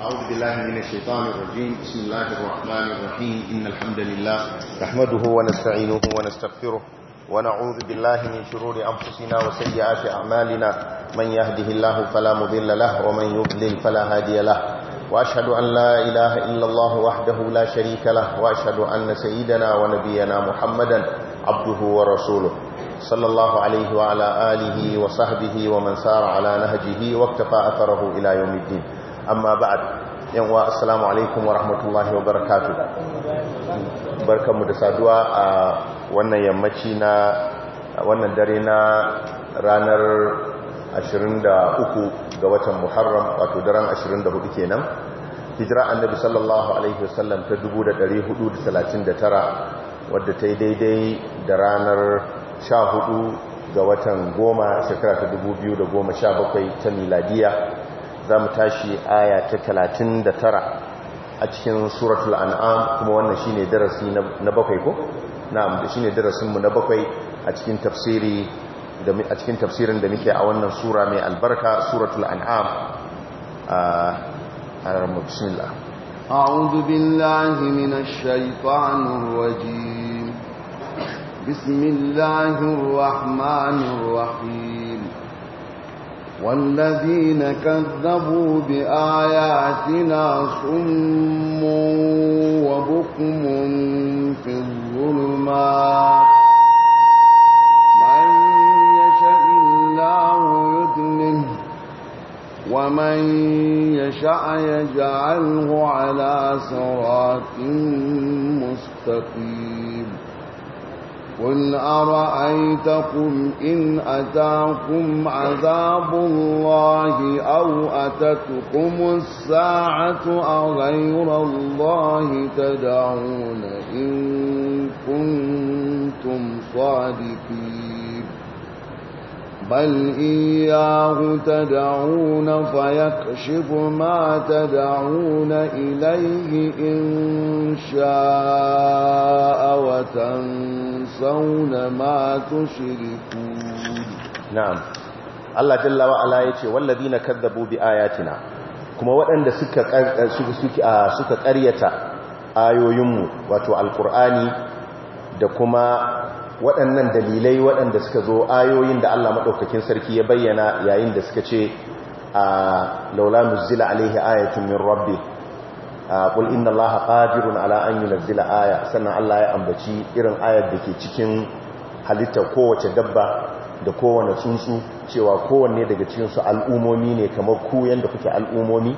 أعوذ بالله من الشيطان الرجيم بسم الله الرحمن الرحيم إن الحمد لله نحمده ونستعينه ونستغفره ونعوذ بالله من شرور أنفسنا وسيئات أعمالنا من يهده الله فلا مضل له ومن يضلل فلا هادي له وأشهد أن لا إله إلا الله وحده لا شريك له وأشهد أن سيدنا ونبينا محمدا عبده ورسوله صلى الله عليه وعلى آله وصحبه ومن سار على نهجه واكتفى أثره إلى يوم الدين amma ba'ad yanwa assalamu alaikum wa rahmatullahi wa barakatu barkanmu da saduwa a wannan yammaci na wannan dare na ranar 23 ga watan muharram wato daren 24 kenan hijira annabi sallallahu alaihi wasallam ta 1439 wadda ta yi daidai da ranar 14 ga watan goma shekara ta 2017 ta miladiya za mu tashi aya ta 39 a cikin suratul an'am kuma wannan shi ne darasi na bakwai ko na'am ne darasinmu na bakwai a cikin tafsirin da muke a wannan sura mai albarka suratul an'am a bismillah أعوذ بالله من الشيطان الرجيم بسم الله الرحمن الرحيم والذين كذبوا بآياتنا صم وبكم في الظلمات من يشاء الله يدمه ومن يشاء يجعله على صراط مستقيم قل أرأيتكم إن أتاكم عذاب الله أو أتتكم الساعة أغير الله تدعون إن كنتم صادقين بل إياه تدعون فيكشف ما تدعون إليه إن شاء وتنظر تجزون ما تشركون نعم الله جل وعلا يتي والذين كذبوا بآياتنا كما وأن سكا قرية آيو wato واتو القرآن da kuma waɗannan dalilai waɗanda suka zo ayoyin da Allah maɗaukakin sarki ya bayyana yayin da suka ce a laula muzila alaihi ayatun min rabbi qul inna allaha qadirun ala an yunzila aya sannan Allah ya ambaci irin ayar da ke cikin halitta kowace dabba da kowane tsuntsu cewa kowanne daga cikin su al'umomi ne kamar ku yanda kuke al'umomi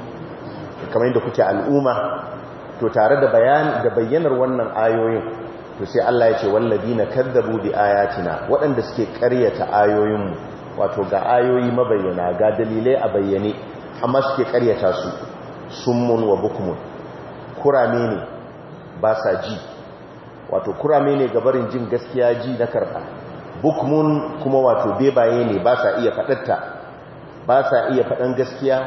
kamar yanda kuke al'uma. to tare da bayan da bayyanar wannan ayoyin to sai Allah ya ce walladina kadzabu bi ayatina waɗanda suke ƙaryata mu wato ga ayoyi mabayyana ga dalilai a bayyane amma suke ƙaryata su summun wa bukmun kurame ne ba sa ji wato kurame ne gabarin jin gaskiya ji na karba bukmun kuma wato bebaye ne ba sa iya faɗatta ba sa iya faɗan gaskiya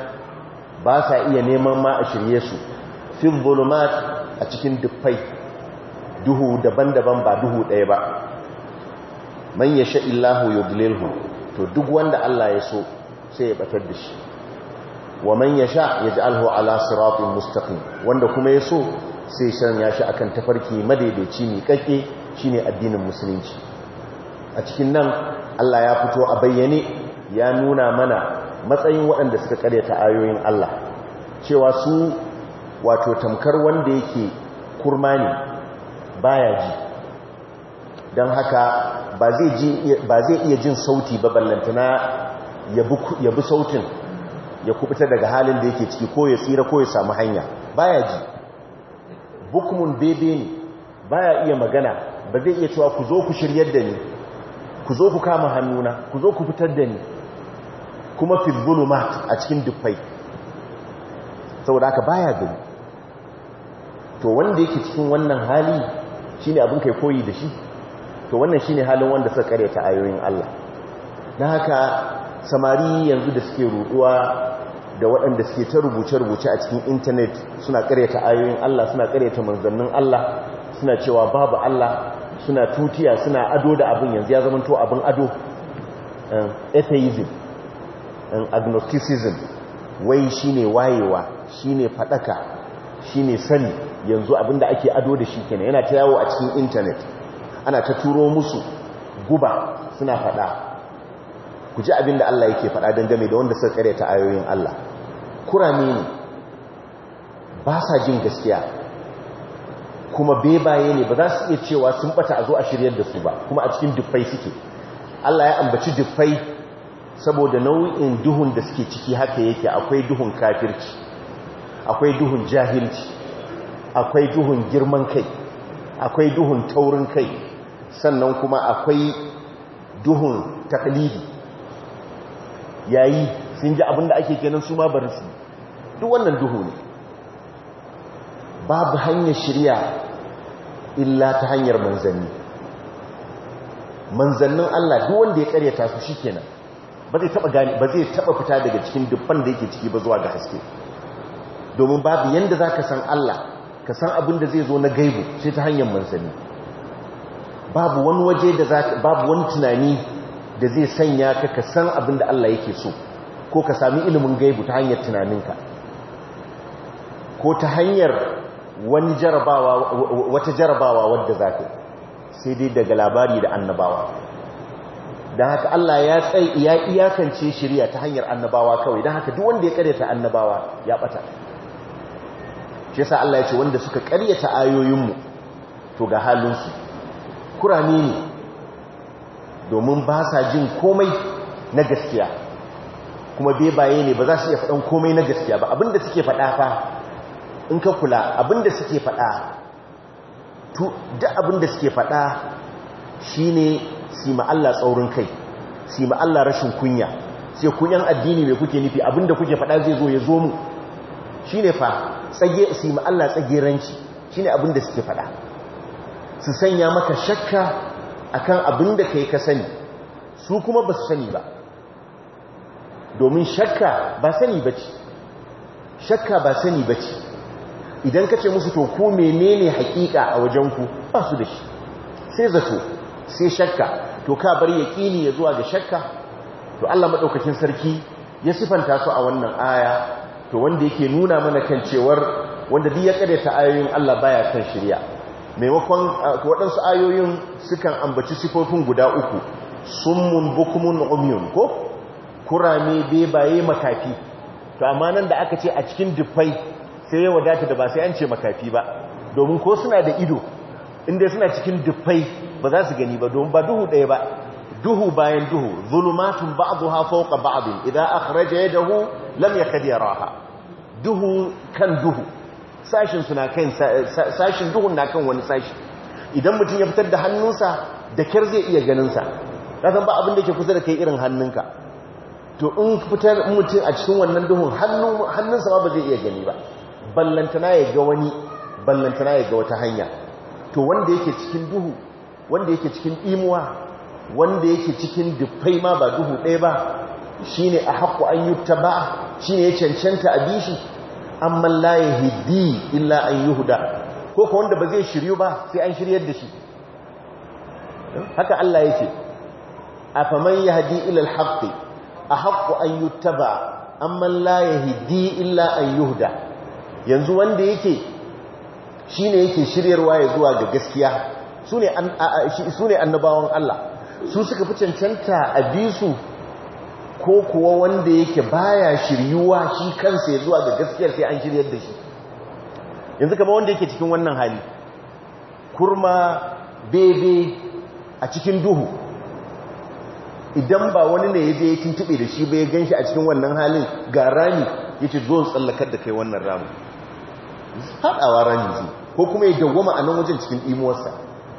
ba sa iya neman ma a shirye su fil zulumat a cikin dufai duhu daban-daban ba duhu ɗaya ba man yasha illahu yudlilhu to duk wanda Allah ya so sai ya batar da shi wa man yasha yaj'alhu ala siratin mustaqim wanda kuma yaso sai shan shi akan tafarki madaidaici ne kake shine addinin musulunci a cikin nan Allah ya fito a bayyane ya nuna mana matsayin waɗanda suka karyata ayoyin Allah cewa su wato tamkar wanda yake kurma ne baya ji don haka ba zai iya jin sauti ba ballantana ya bi sautin ya kubuta daga halin da yake ciki ko ya tsira ko ya samu hanya baya ji bukmun bebe ne baya iya magana ba zai iya cewa ku zo ku shiryar da ni ku zo ku kama hannuna ku zo ku fitar da ni kuma fil ma a cikin dufai saboda haka baya gani to wanda yake cikin wannan hali shi ne abin kai koyi da shi to wannan shi ne halin wanda suka karyata ayoyin Allah na haka samari yanzu da suke ruduwa da waɗanda suke ta rubuce-rubuce a cikin intanet suna karyata ayoyin Allah suna karyata manzannin Allah suna cewa babu Allah suna tutiya suna ado da abin yanzu ya zama to abin ado um, atheism um, agnosticism wai shine wayewa shine fadaka shine sani yanzu abin da ake ado da shi kenan yana ta yawo a cikin intanet ana ta turo musu guba suna fada ku ji da Allah yake fada dangane da wanda suka karyata ayoyin Allah kurame ne ba sa jin gaskiya kuma bebaye ne ba za su iya cewa sun bata a zo a shiryar da su ba kuma a cikin dufai suke Allah ya ambaci dufai saboda nau'in duhun da suke ciki haka yake akwai duhun kafirci akwai duhun jahilci akwai duhun girman kai akwai duhun taurin kai sannan kuma akwai duhun taklidi yayi sun ji abinda ake kenan su ma bari su duk wannan duhu ne babu hanyar shirya illa ta hanyar manzanni manzannin Allah duk wanda ya karyata su shikenan ba zai taba gani ba zai taba fita daga cikin dubban da yake ciki ba zuwa ga haske domin babu yanda zaka san Allah ka san abin da zai zo na gaibu sai ta hanyar manzanni babu wani waje da zaka babu wani tunani da zai sanya ka ka san abin da Allah yake so ko ka sami ilimin gaibu ta hanyar tunaninka ko ta hanyar wani jarabawa wata jarabawa wadda za sai dai daga labari da annabawa don haka Allah ya tsaye ya iyakance shirya ta hanyar annabawa kawai don haka duk wanda ya karyata annabawa ya bata shi yasa Allah ya ce wanda suka karyata ayoyinmu to ga halinsu Kura ne domin ba sa jin komai na gaskiya kuma bebaye ne ba za su iya faɗan komai na gaskiya ba abinda suke faɗa fa in ka kula abinda suke faɗa da abinda suke faɗa shine sima Allah tsaurin kai sima Allah rashin kunya sai kunyan addini mai kuke nufi abinda kuke faɗa zai zo ya zo mu shine fa tsage sima Allah tsageranci shine abinda suke faɗa su sanya maka shakka akan abinda kai ka sani su kuma ba su sani ba domin shakka ba sani bace shakka ba sani bace idan ka ce musu to ku menene hakika a wajenku ba su da shi sai zato sai shakka to ka bar yaƙini ya zuwa ga shakka to Allah maɗaukacin sarki ya sifanta su a wannan aya to wanda yake nuna mana kan cewar wanda duk ya ta ayoyin Allah baya kan shirya maimakon waɗansu ayoyin sukan ambaci sifofin guda uku summun bukumun umyun ko kurame bebaye makafi to amma nan da aka ce a cikin dufai sai ya wadata da ba sai an ce makafi ba domin ko suna da ido inda suna cikin dufai ba za su gani ba domin ba duhu ɗaya ba duhu bayan duhu zulumatun ba'dhuha idan ba'd idza ya dahu lam ya raha. duhu kan duhu sashin suna kan sashin duhun na kan wani sashi idan mutum ya fitar da hannunsa da kyar zai iya ganinsa, sa ba abin da ke kusa da kai irin hannunka to in fitar mutum a cikin wannan duhun hannunsa ba zai iya gani ba ballantana ya ga wani ballantana ya ga wata hanya to wanda yake cikin duhu wanda yake cikin imuwa wanda yake cikin dufai ma ba duhu ɗaya ba shi ne a haƙƙo an yi shi ne ya cancanta a bishi an mallaye hiddi illa an yi huda, ko ka wanda ba zai shiryu ba sai an shiryar da shi haka Allah yake hadi ilal ila a ahaqqu an yi ba an mallaye hiddi illa an yi huda. yanzu wanda yake shi ne yake shiryarwa ya zuwa ga gaskiya su ne annabawan Allah su suka fi cancanta a bisu ko kuwa wanda yake baya shiryuwa shi kansa ya zuwa ga gaskiyar sai an shiryar da shi yanzu kama wanda yake cikin wannan hali kurma bebe a cikin duhu idan ba wani ne ya je ya tuntube da shi ba ya ganshi a cikin wannan halin ga rami ya ce tsallakar da kai wannan ramin haɗawa rami zai ko kuma ya dawwama a nan wajen cikin imuwarsa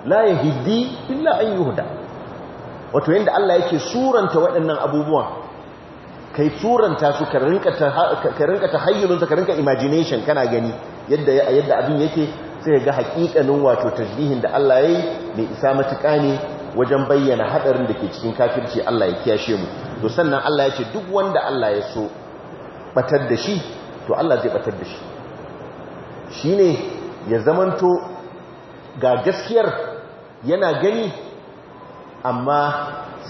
la ya hiddi illa an yi huda wato yadda Allah yake suranta waɗannan abubuwan kai suranta su ka rinka ta ka rinka imagination kana gani yadda abin yake sai ga haƙiƙanin wato tajlihin da Allah ya yi mai isa matuƙa ne wajen bayyana haɗarin da ke cikin kafirci Allah ya kiyashe mu to sannan Allah ya ce duk wanda Allah ya so batar da shi to Allah zai batar da shi Shi ne ya zamanto ga gaskiyar yana gani amma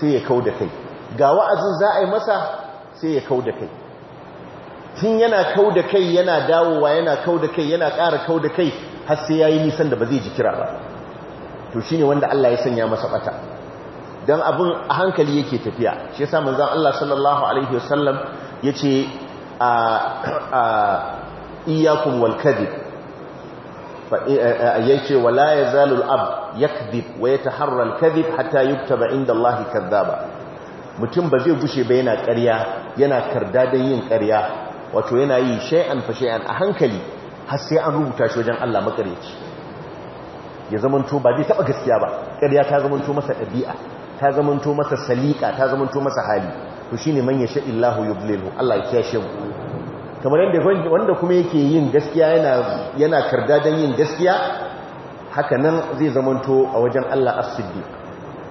sai ya kau da kai ga wa'azin za a yi masa sai ya kau da kai tun yana kau da kai yana dawowa yana kau da kai yana ƙara kau da kai har sai ya yi nisan da ba zai ji kira ba to shi ne wanda Allah ya sanya masa ɓata. don abin a hankali yake tafiya shi ya samun manzon Allah sallallahu alaihi wasallam ce a iyakun walkadi Eh, eh, eh, yace wala yazalu al-abd yakdhib wa yataharra al-kadhib hatta yuktaba inda Allah kadhaba mutum ba zai gushe ba yana ƙarya yana karda da yin ƙarya wato yana yi shay'an fa shay'an a hankali har sai an rubuta shi wajen Allah makareci ya zamanto ba zai taba gaskiya ba ƙarya ta zamanto masa ɗabi'a ta zamanto masa salika ta zamanto masa hali to shine man yasha illahu yudlilhu Allah ya kiyashe mu kamar yadda wanda kuma yake yin gaskiya yana karda don yin gaskiya haka zai zamanto a wajen Allah as-siddiq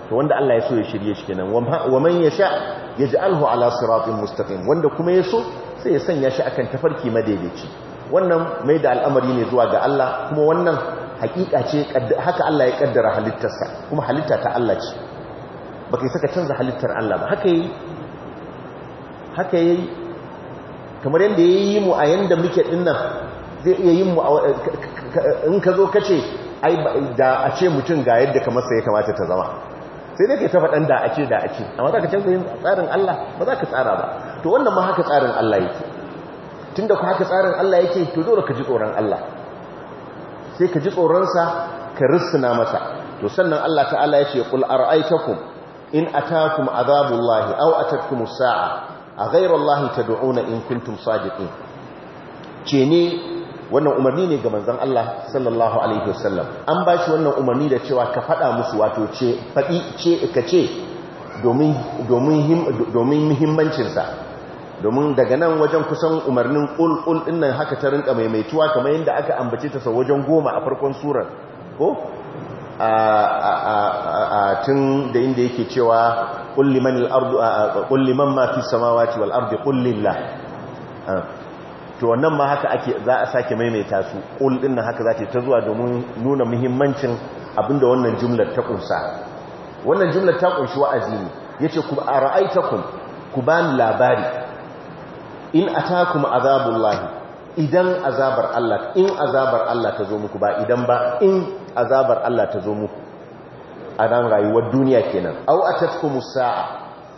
to wanda Allah ya so ya shirye shi kenan wa man yasha yaj'alhu ala siratin mustaqim wanda kuma ya so sai ya sanya shi akan tafarki madaidaici wannan mai da al'amari ne zuwa ga Allah kuma wannan hakika ce haka Allah ya kaddara halittarsa kuma halitta ta Allah ce baka saka canza halittar Allah ba haka yi haka yi kamar yadda ya yi mu a yadda muke dinnan zai iya yi mu in ka zo ka ce da a ce mutum ga yadda kamar sai ya kamata ta zama sai dai ka ta faɗan da a ce da a ce amma za ka canza yin tsarin Allah ba za ka tsara ba to wannan ma haka tsarin Allah yake tun da ku haka tsarin Allah yake to dole ka ji tsoron Allah sai ka ji tsoronsa ka rissuna masa to sannan Allah ta'ala ya ce qul ara'aytakum in atakum azabullahi aw atatkumus sa'a a ta tad'una in kuntum sadiqin ce ne wannan umarni ne ga manzon Allah sallallahu alaihi wasallam an ba shi wannan umarni da cewa ka fada musu wato ce fadi ce ka ce domin domin domin daga nan wajen kusan umarnin qul dinnan haka ta rinka maimaituwa kamar yadda aka ambace ta sa wajen goma a farkon surar ko a tun da inda yake cewa qul liman al-ardu qul liman ma fi samawati wal ardi to wannan ma haka ake za a sake maimaita su qul din haka za ta zuwa domin nuna muhimmancin abinda wannan jumlar ta kunsa wannan jumlar ta kunshi wa'azi ne yace ku ara'aitakum ku bani labari in atakum azabullah idan azabar Allah in azabar Allah ta zo muku ba idan ba in azabar Allah ta zo muku a ran rayuwar duniya kenan au atatkumu sa'a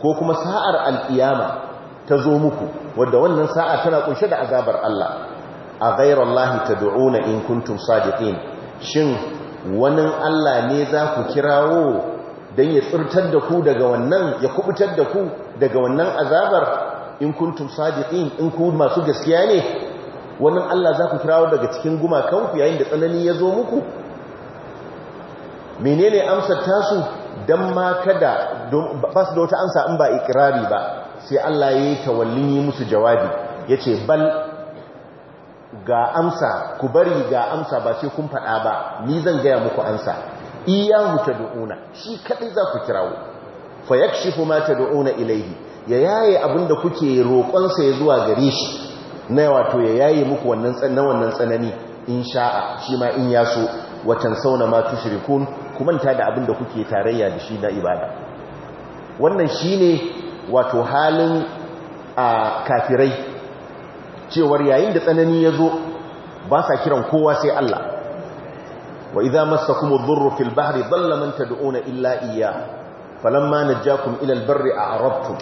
ko kuma sa'ar alƙiyama ta zo muku wadda wannan sa'a tana kunshe da azabar Allah a ghayrallahi tad'una in kuntum sadiqin shin wani Allah ne za ku kirawo dan ya tsirtar da ku daga wannan ya kubutar da ku daga wannan azabar in kuntum sadiqin in ku masu gaskiya ne Wani Allah za ku kirawo daga cikin gumakanku yayin da tsanani ya zo muku menene amsar tasu Don ma kada ba su da wata amsa in ba ikirari ba sai Allah ya yi tawallin yi musu jawabi ya ce bal ga amsa ku bari ga amsa ba sai kun faɗa ba ni zan gaya muku amsa iyahu da'una shi kadai za ku kirawo fa kuma ta dauna ilaihi ya yaye da kuke roƙonsa ya zuwa gare shi na wato ya yaye muku wannan tsanani in sha'a shi ma in yaso watan sauna ma tushirikun ku manta da abin da kuke tarayya da shi na ibada wannan shine wato halin a kafirai cewar yayin da tsanani ya zo ba sa kiran kowa sai Allah wa idza massakum adh-dhurru fil bahri dhalla man tad'una illa iyyah falamma najjakum ila al-barri a'rabtum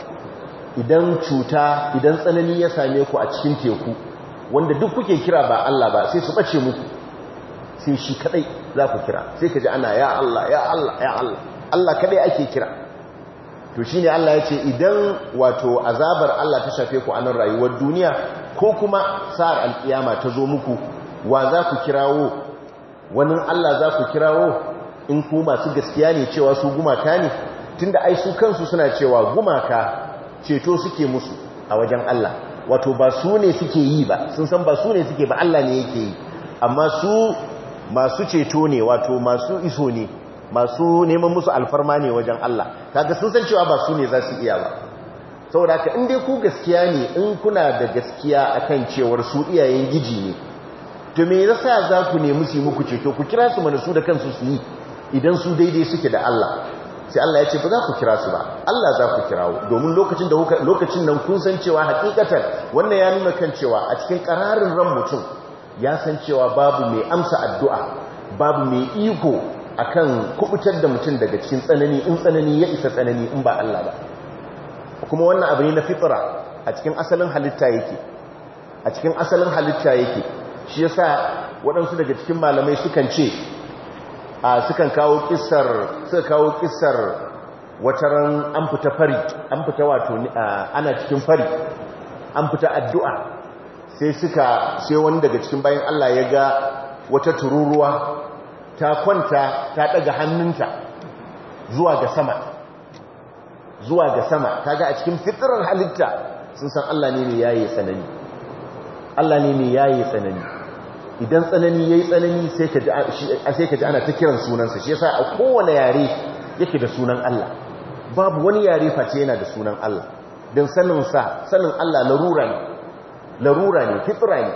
idan cuta idan tsanani ya same ku a cikin teku wanda duk kuke kira ba Allah ba sai su bace muku sai shi kadai za ku kira sai ka ji ana ya Allah ya Allah ya Allah Allah kadai ake kira to shine Allah ya ce idan wato azabar Allah ta shafe ku a nan rayuwar duniya ko kuma sa'ar alkiyama ta zo muku wa za ku kirawo wani Allah za ku kirawo in ku masu gaskiya ne cewa su gumaka ne tunda ai su kansu suna cewa gumaka ceto suke musu a wajen Allah wato ba su ne suke yi ba sun san ba su ne suke ba Allah ne yake yi amma su masu ceto ne wato masu iso ne masu neman musu alfarma ne wajen Allah kaga sun san cewa ba su ne za su iya ba saboda ka in dai ku gaskiya ne in kuna da gaskiya a kan cewar su iyayen giji ne to me yasa za ku nemi su muku ceto ku kira su mana su da kansu su yi idan su daidai suke da Allah sai Allah ya ce ba za ku kira su ba Allah za ku kirawo domin lokacin nan kun san cewa hakikatan wannan ya nuna kan cewa a cikin kararin ran mutum ya san cewa babu mai amsa addu'a babu mai iko a kan kubutar da mutum daga cikin tsanani in tsanani ya isa tsanani in ba Allah ba kuma wannan abu ne na fitra a cikin asalin halitta yake a cikin asalin halitta yake shi yasa waɗansu daga cikin malamai sukan ce a sukan kawo kissar suka kawo kissar wataran an fita fari an fita wato ana cikin fari an fita addu'a sai suka sai wani daga cikin bayan Allah ya ga wata tururuwa ta kwanta ta daga hannunta zuwa ga sama zuwa ga sama kaga a cikin fitrar halitta sun san Allah ne mai yayi tsanani Allah ne mai yayi tsanani idan tsanani yayi tsanani sai ka ji ana ta kiran sunansa shi yasa a kowane yare yake da sunan Allah babu wani yare face yana da sunan Allah Don sanin sa sanin Allah larura ne larura ne fitra ne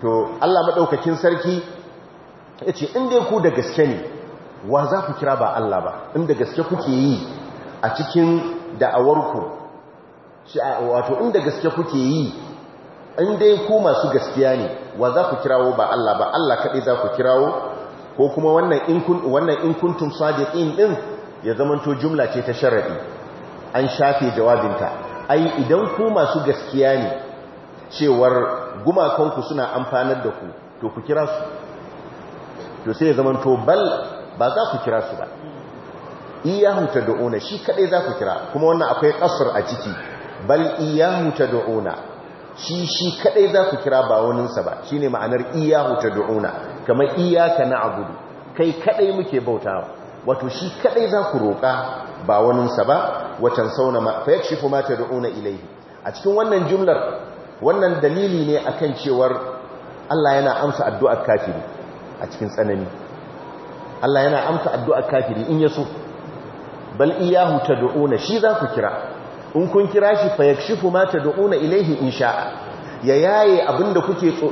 to Allah madaukakin sarki yace in dai ku da gaske ne wa za ku kira ba Allah ba In da gaske kuke yi a cikin da'awarku wato in da gaske kuke yi in dai ku masu gaskiya ne wa za ku kirawo ba Allah ba Allah kaɗai za ku kirawo ko kuma wannan in kun wannan in kuntum sadiqin din ya zamanto jumla ce ta sharadi an shafe jawabinta ai idan ku masu gaskiya ne cewar gumakonku suna amfanar da ku to ku kira su to sai ya zama to bal ba za ku kira su ba iyahu tad'una shi kadai za ku kira kuma wannan akwai kasr a ciki bal iyahu tad'una shi shi kadai za ku kira ba wani sa ba shine ma'anar iyahu tad'una kamar na na'budu kai kadai muke bautawa wato shi kadai za ku roka ba wani sa ba watan sauna ma fa yakshifu ma tad'una ilayhi a cikin wannan jumlar wannan dalili ne akan cewar Allah yana amsa addu'ar kafiri a cikin tsanani Allah yana amsa addu'ar kafiri in yaso bal iyahu da’una shi za ku kira in kun kira shi fa yakshifu ma da’una ilaihi in sha'a ya yaye abinda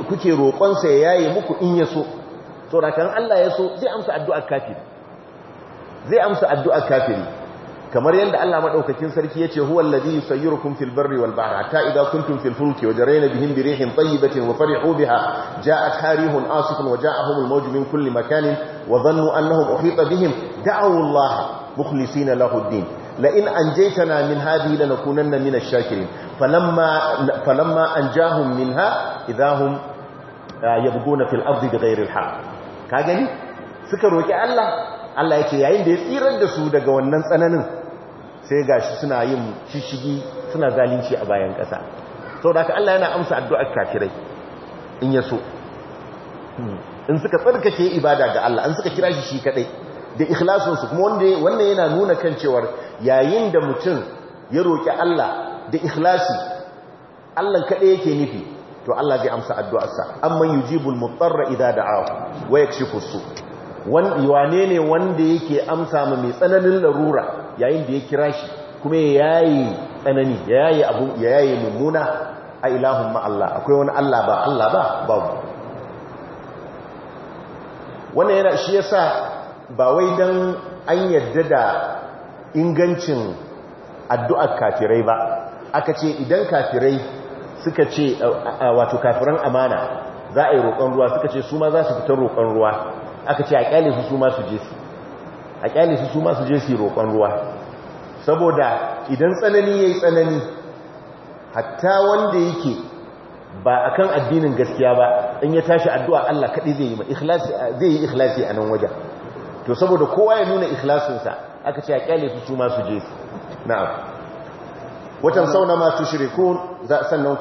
kuke roƙonsa ya yaye muku in yaso to rakan Allah yaso zai amsa kafiri zai amsa addu'ar kafiri kamar yadda Allah madaukakin sarki yace huwa allazi yusayyirukum fil barri wal bahri hatta idza kuntum fil fulki wajarayna bihim bi rihin tayyibatin wa farihu biha ja'at harihun asifun wa ja'ahum al mawj min kulli makanin wa dhannu annahum uhita bihim da'u Allah mukhlisina lahu ad-din la in anjaytana min hadhihi lanakunanna min ash-shakirin falamma falamma anjahum minha idahum uh, yabghuna fil ardi bighayri al-haqq ka gani suka roki Allah Allah yake yayin da ya tsirar da su daga wannan tsananin sai ga shi suna yin shishigi suna zalunci a bayan ƙasa da haka Allah yana amsa addu'ar kafirai in ya so hmm. in suka tsarkake ibada ga Allah an suka kira shi shi kaɗai. da ikhlasinsu kuma wannan yana nuna kan cewar yayin da mutum ya roƙi Allah da ikhlasi Allah kaɗai yake nufi to Allah zai amsa addu'arsa amma yujibul mutarra idza da'ahu wa yakshifu su ne wanda yake amsa ma mai tsananin larura yayin da ya kira shi kuma ya yayi tsanani ya yayi abu ya yayi mummuna a ilahun ma'allah akwai wani Allah ba Allah ba babu wannan yana shi sa ba wai don an yadda da ingancin addu'ar kafirai ba aka ce idan kafirai suka ce wato kafiran amana za a yi roƙon ruwa suka ce su ma za su fitar roƙon ruwa aka ce a ƙyale su su ma su je su a kyale su su masu je su roƙon ruwa saboda idan tsanani ya yi tsanani hatta wanda yake ba a kan addinin gaskiya ba in ya tashi addu'a Allah kaɗai zai yi ikhlasi a nan wajen to saboda kowa ya nuna ikhlasinsa aka ce a kyale su su masu je su na'am watan sauna ma tushrikun sannan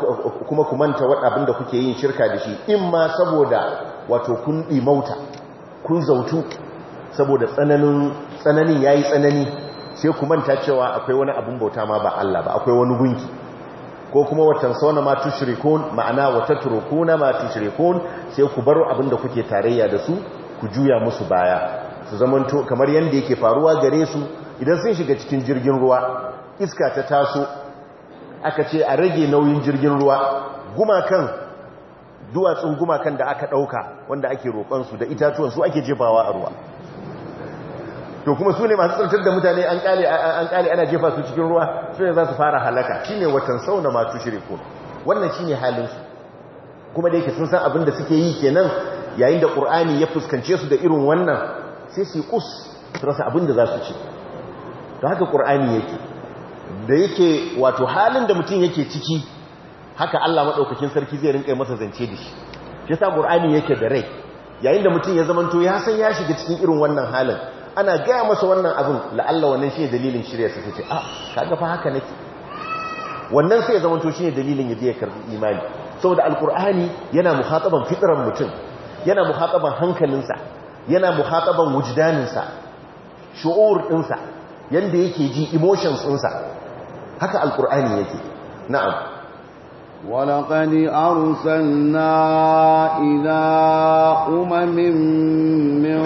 kuma ku manta waɗabin da kuke yin shirka da shi in ma saboda wato kun ɗi mauta kun zautu saboda tsananin tsananin yi tsanani sai ku manta cewa akwai wani abin bauta ma ba Allah ba akwai wani gunki ko kuma watan sauna ma shirikon, ma'ana wata na ma shirikon, sai ku baro abin da kuke tarayya da su ku juya musu baya su zamanto kamar yadda yake faruwa gare su idan sun shiga cikin jirgin ruwa iska ta taso aka ce a rage nauyin jirgin ruwa gumakan duwatsun gumakan da aka ɗauka, wanda ake roƙon da itatuwan su ake jefawa a ruwa to kuma su ne masu tsaltar da mutane an kale ana jefa su cikin ruwa su ne za su fara halaka shi ne watan sauna masu kuma wannan shi ne halinsu kuma da yake sun san abin da suke yi kenan yayin da ƙur'ani ya fuskance su da irin wannan sai su yi kus su rasa abin da za su ci da haka ƙur'ani yake da yake wato halin da mutum yake ciki haka allah maɗaukakin sarki zai rinƙa masa zance da shi shi sa ƙur'ani yake da rai yayin da mutum ya zamanto ya san ya shiga cikin irin wannan halin ana gaya masa wannan abin la'alla wannan shi ne dalilin shirya su ce ah kaga fa haka nake wannan sai ya zama to shi ne dalilin ya je ya karbi imani saboda alkur'ani yana muhataban fitran mutum yana muhataban hankalinsa yana muhataban wujidaninsa, shu'ur ɗinsa, yanda yake ji emotions dinsa haka alkur'ani yake na'am ولقد أرسلنا إلى أمم من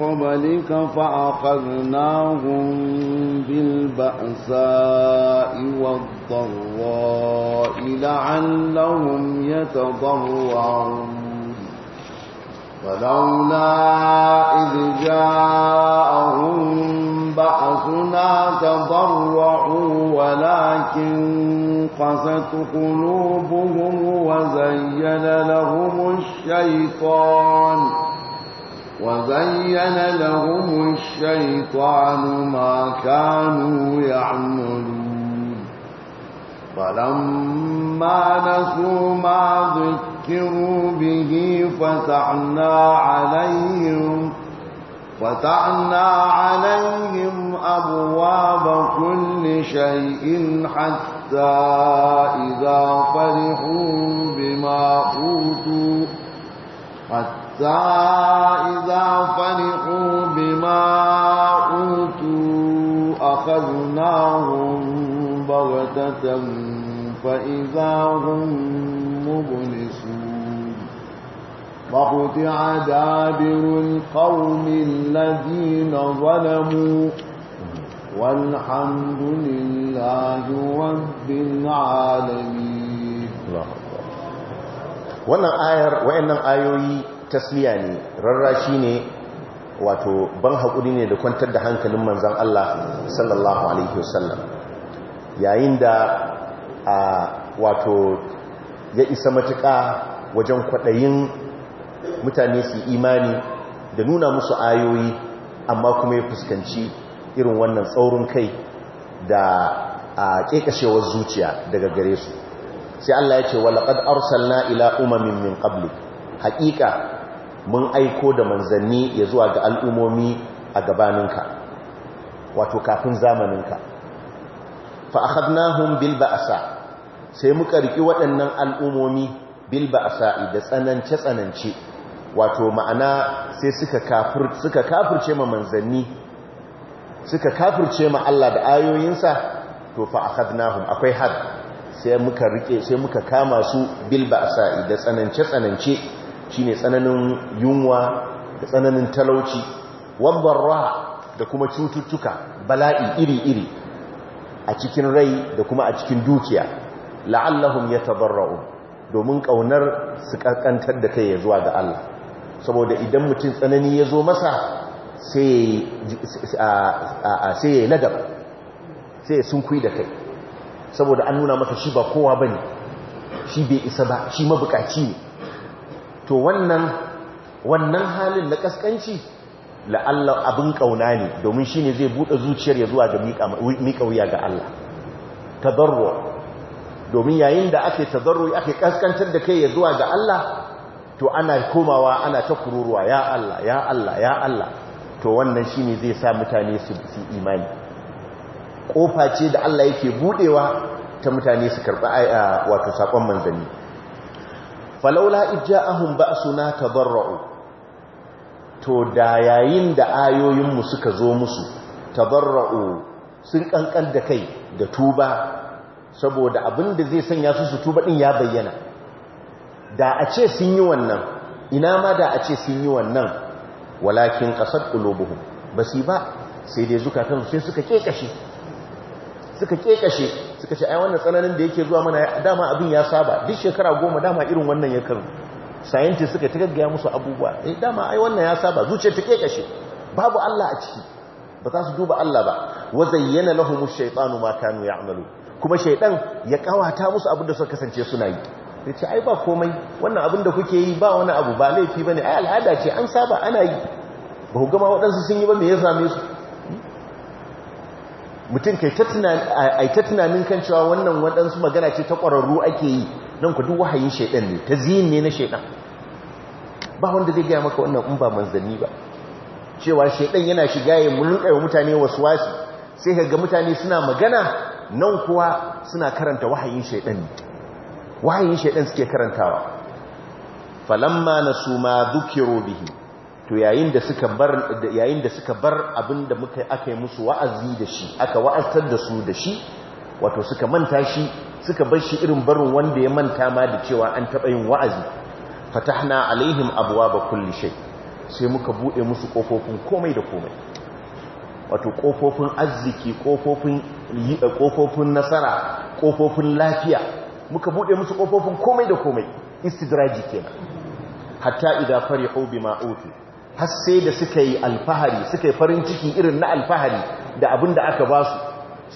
قبلك فأخذناهم بالبأساء والضراء لعلهم يتضرعون فلولا إذ جاءهم بأسنا تضرعوا ولكن قست قلوبهم وزين لهم الشيطان وزين لهم الشيطان ما كانوا يعملون فلما نسوا ما ذكروا ذكروا به فَتَعْنَا عليهم فَتَعْنَا عليهم أبواب كل شيء حتى إذا فرحوا بما أوتوا حتى إذا فرحوا بما أوتوا أخذناهم بغتة فإذا هم مبلسون وقطع دابر القوم الذين ظلموا والحمد لله رب العالمين wannan ayar wayannan ayoyi tasliya ne rarrashi ne wato ban haƙuri ne da kwantar da hankalin manzan Allah sallallahu alaihi wasallam yayin da a wato ya isa matuƙa wajen kwaɗayin mutane su imani da nuna musu ayoyi amma kuma ya fuskanci irin wannan tsaurin kai da a kekashewar zuciya daga gare su sai Allah ya ce walaqad arsalna ila umamin min ƙabli Haƙiƙa mun aiko da manzanni ya zuwa ga al'umomi a gabaninka wato kafin zamaninka fa akhadnahum bil ba'sa sai muka riki waɗannan al'umomi bil ba'sa da tsanance tsanance wato ma'ana sai suka kafir kafirce ma manzanni suka kafirce ma Allah da ayoyinsa to fa akhadnahum akwai had sai muka rike sai muka kama su bil ba'sa da tsanance tsanance shine tsananin yunwa da tsananin talauci wabbarra da kuma cututtuka bala'i iri iri a cikin rai da kuma a cikin dukiya la'allahum yatabarra'u domin kaunar su kankantar da kai ya zuwa ga Allah saboda idan mutum tsanani ya zo masa sai ya ladab sai ya kuyi da kai saboda an nuna masa shi ba kowa ba ne shi bai isa ba shi mabukaci ne to wannan wannan halin na kaskanci la'alla abin kauna ne domin shi ne zai buɗe zuciyar ya zuwa ga miƙa wuya ga Allah tabarro domin yayin da ake tabarro ake kaskantar da kai ya zuwa ga Allah to ana komawa ana ta kururuwa ya Allah ya Allah ya Allah to wannan shine zai sa mutane su fi imani kofa ce da Allah yake budewa ta mutane su karba wato sakon manzani. falaula ijja'ahum ba'suna tadarru to da yayin da ayoyin mu suka zo musu tadarru sun kankan da kai da tuba saboda abin da zai sanya su su tuba din ya bayyana da a ce sun yi wannan ina ma da a ce sun yi wannan walakin kasar ulubuhu ba su ba sai dai zukatan sai suka kekashe suka kekashe suka ce ai wannan tsananin da yake zuwa mana dama abin ya saba duk shekara goma dama irin wannan ya karu sayanci suka ta gaggaya musu abubuwa eh dama ai wannan ya saba zuciyar ta kekashe babu Allah a ciki ba za su duba Allah ba wa zayyana lahumu shaytanu ma kanu ya'malu kuma shaytan ya kawata musu abin da suka kasance suna yi da ce ai ba komai wannan abin da kuke yi ba wani abu ba laifi ba ne ai al'ada ce an saba ana yi ba ku gama waɗansu sun yi ba mai ya same su mutum kai ta tunanin kan cewa wannan waɗansu magana ce ta ƙwararru ake yi don ku duk wahayin shaidan ne ta ziyin ne na shaidan. ba wanda zai gaya maka wannan in ba manzanni ba cewa shaidan yana shiga ya ɗaya mutane wasu wasu sai ga mutane suna magana nan kuwa suna karanta wahayin shaidan ne wahayin shaidan suke karantawa falamma nasu ma dhukiru bihi to yayin da suka bar yayin da suka bar abinda muka aka musu wa'azi da shi aka wa'azar da su da shi wato suka manta shi suka bar shi irin barin wanda ya manta ma da cewa an taba yin wa'azi fatahna alaihim abwaba kulli shay sai muka bude musu kofofin komai da komai wato kofofin arziki kofofin kofofin nasara kofofin lafiya muka buɗe musu kofofin komai da komai istidraji kenan hatta idza farihu bima utu har sai da suka yi alfahari suka yi farin ciki irin na alfahari da abin da aka ba su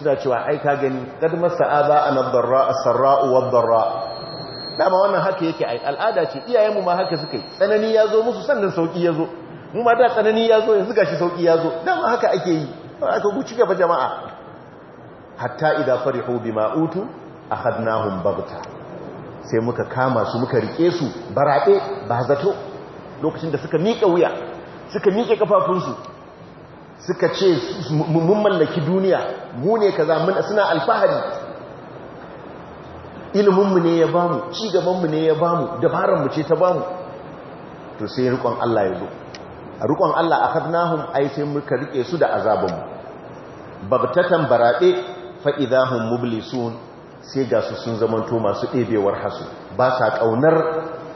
suna cewa ai ka gani kad masa'aba anaddarra asra wa wad dama wannan haka yake ai al'ada ce iyayenmu ma haka suka yi tsanani yazo musu sannan sauki yazo mu ma da tsanani yazo yanzu gashi sauki yazo dama haka ake yi aka guci gaba jama'a hatta idza farihu bima utu akhadnahum babta, sai muka kama su muka rike su baraɗe, ba zato lokacin da suka miƙa wuya suka miƙe kafafunsu suka ce mun mallaki duniya mu ne kaza mun suna alfahari iliminmu ne ya bamu cigabanmu ne ya bamu mu ce ta bamu to sai rikon Allah ya zo a rikon Allah akhadnahum ai sai muka rike su da azabinmu. babtatan barabe fa idahum mublisun sai ga su sun zamanto masu ɗebewar hasu ba sa ƙaunar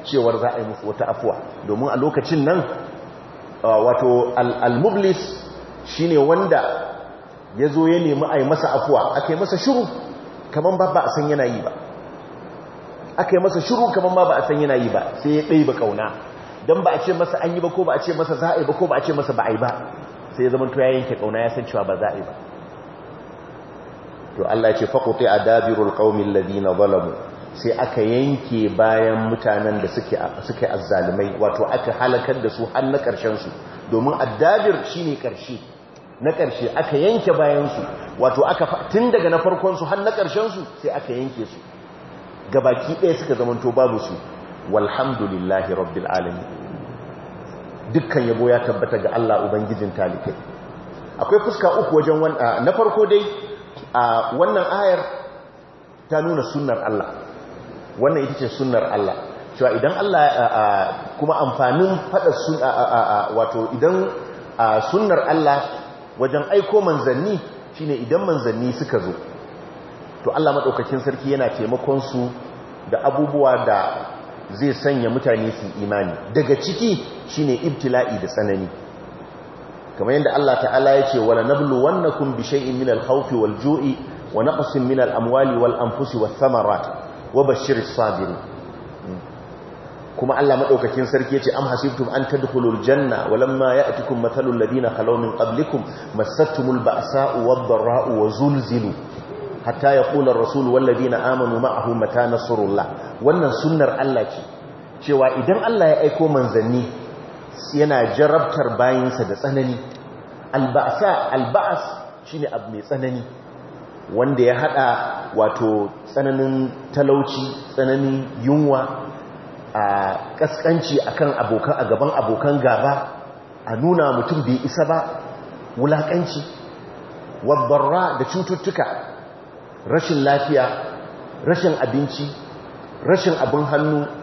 cewar za a yi musu wata afuwa domin a lokacin nan wato al-mublis shi ne wanda ya zo ya nemi a yi masa afuwa aka yi masa shuru kamar ba ba a san yana yi ba aka yi masa shuru kamar ba ba a san yana yi ba sai ya ɗai ba ƙauna don ba a ce masa an yi ba ko ba a ce masa za a yi ba ko ba a ce masa ba a yi ba sai ya zama to ya yanke ƙauna ya san cewa ba za a yi ba to Allah ya ce faquti adabirul qaumi ladina zalamu sai aka yanke bayan mutanen da suke suke azzalimai wato aka halakar da su har na karshen su domin adabir shine karshe na karshe aka yanke bayan su wato aka tun daga na farkon su har na karshen su sai aka yanke su gabaki ɗaya suka zamanto babu su walhamdulillahi rabbil alamin dukkan yabo ya tabbata ga Allah ubangijin talikai akwai fuska uku wajen na farko dai a wannan ayar ta nuna sunnar Allah wannan ita ce sunnar Allah cewa idan Allah kuma amfanin faɗa sunna wato idan sunnar Allah wajen aiko manzanni shine idan manzanni suka zo to Allah madaukakin sarki yana taimakon su da abubuwa da zai sanya mutane su imani daga ciki shine ibtila'i da tsanani kamar yadda Allah ta'ala ya ce wala nablu wannakum bi shay'in min al wal-ju'i wa naqsin minal amwali wal-anfusi wath wa bashshiris sabirin kuma Allah madaukakin sarki yace am hasibtum an tadkhulul janna walamma ya'tikum mathalul ladina khalaw min qablikum massatkumul ba'sa'u wad-dharra'u wa zulzilu hatta yaqula ar-rasul wal ladina amanu ma'ahu mata nasrullah wannan sunnar Allah ce cewa idan Allah ya aika manzanni yana jarabtar bayansa da tsanani alba'asa alba'as shine abu mai tsanani wanda ya hada wato tsananin talauci tsananin yunwa a kaskanci akan abokan a gaban abokan gaba a nuna mutum bai isa ba wulakanci wabbarra da cututtuka rashin lafiya rashin abinci rashin abin hannu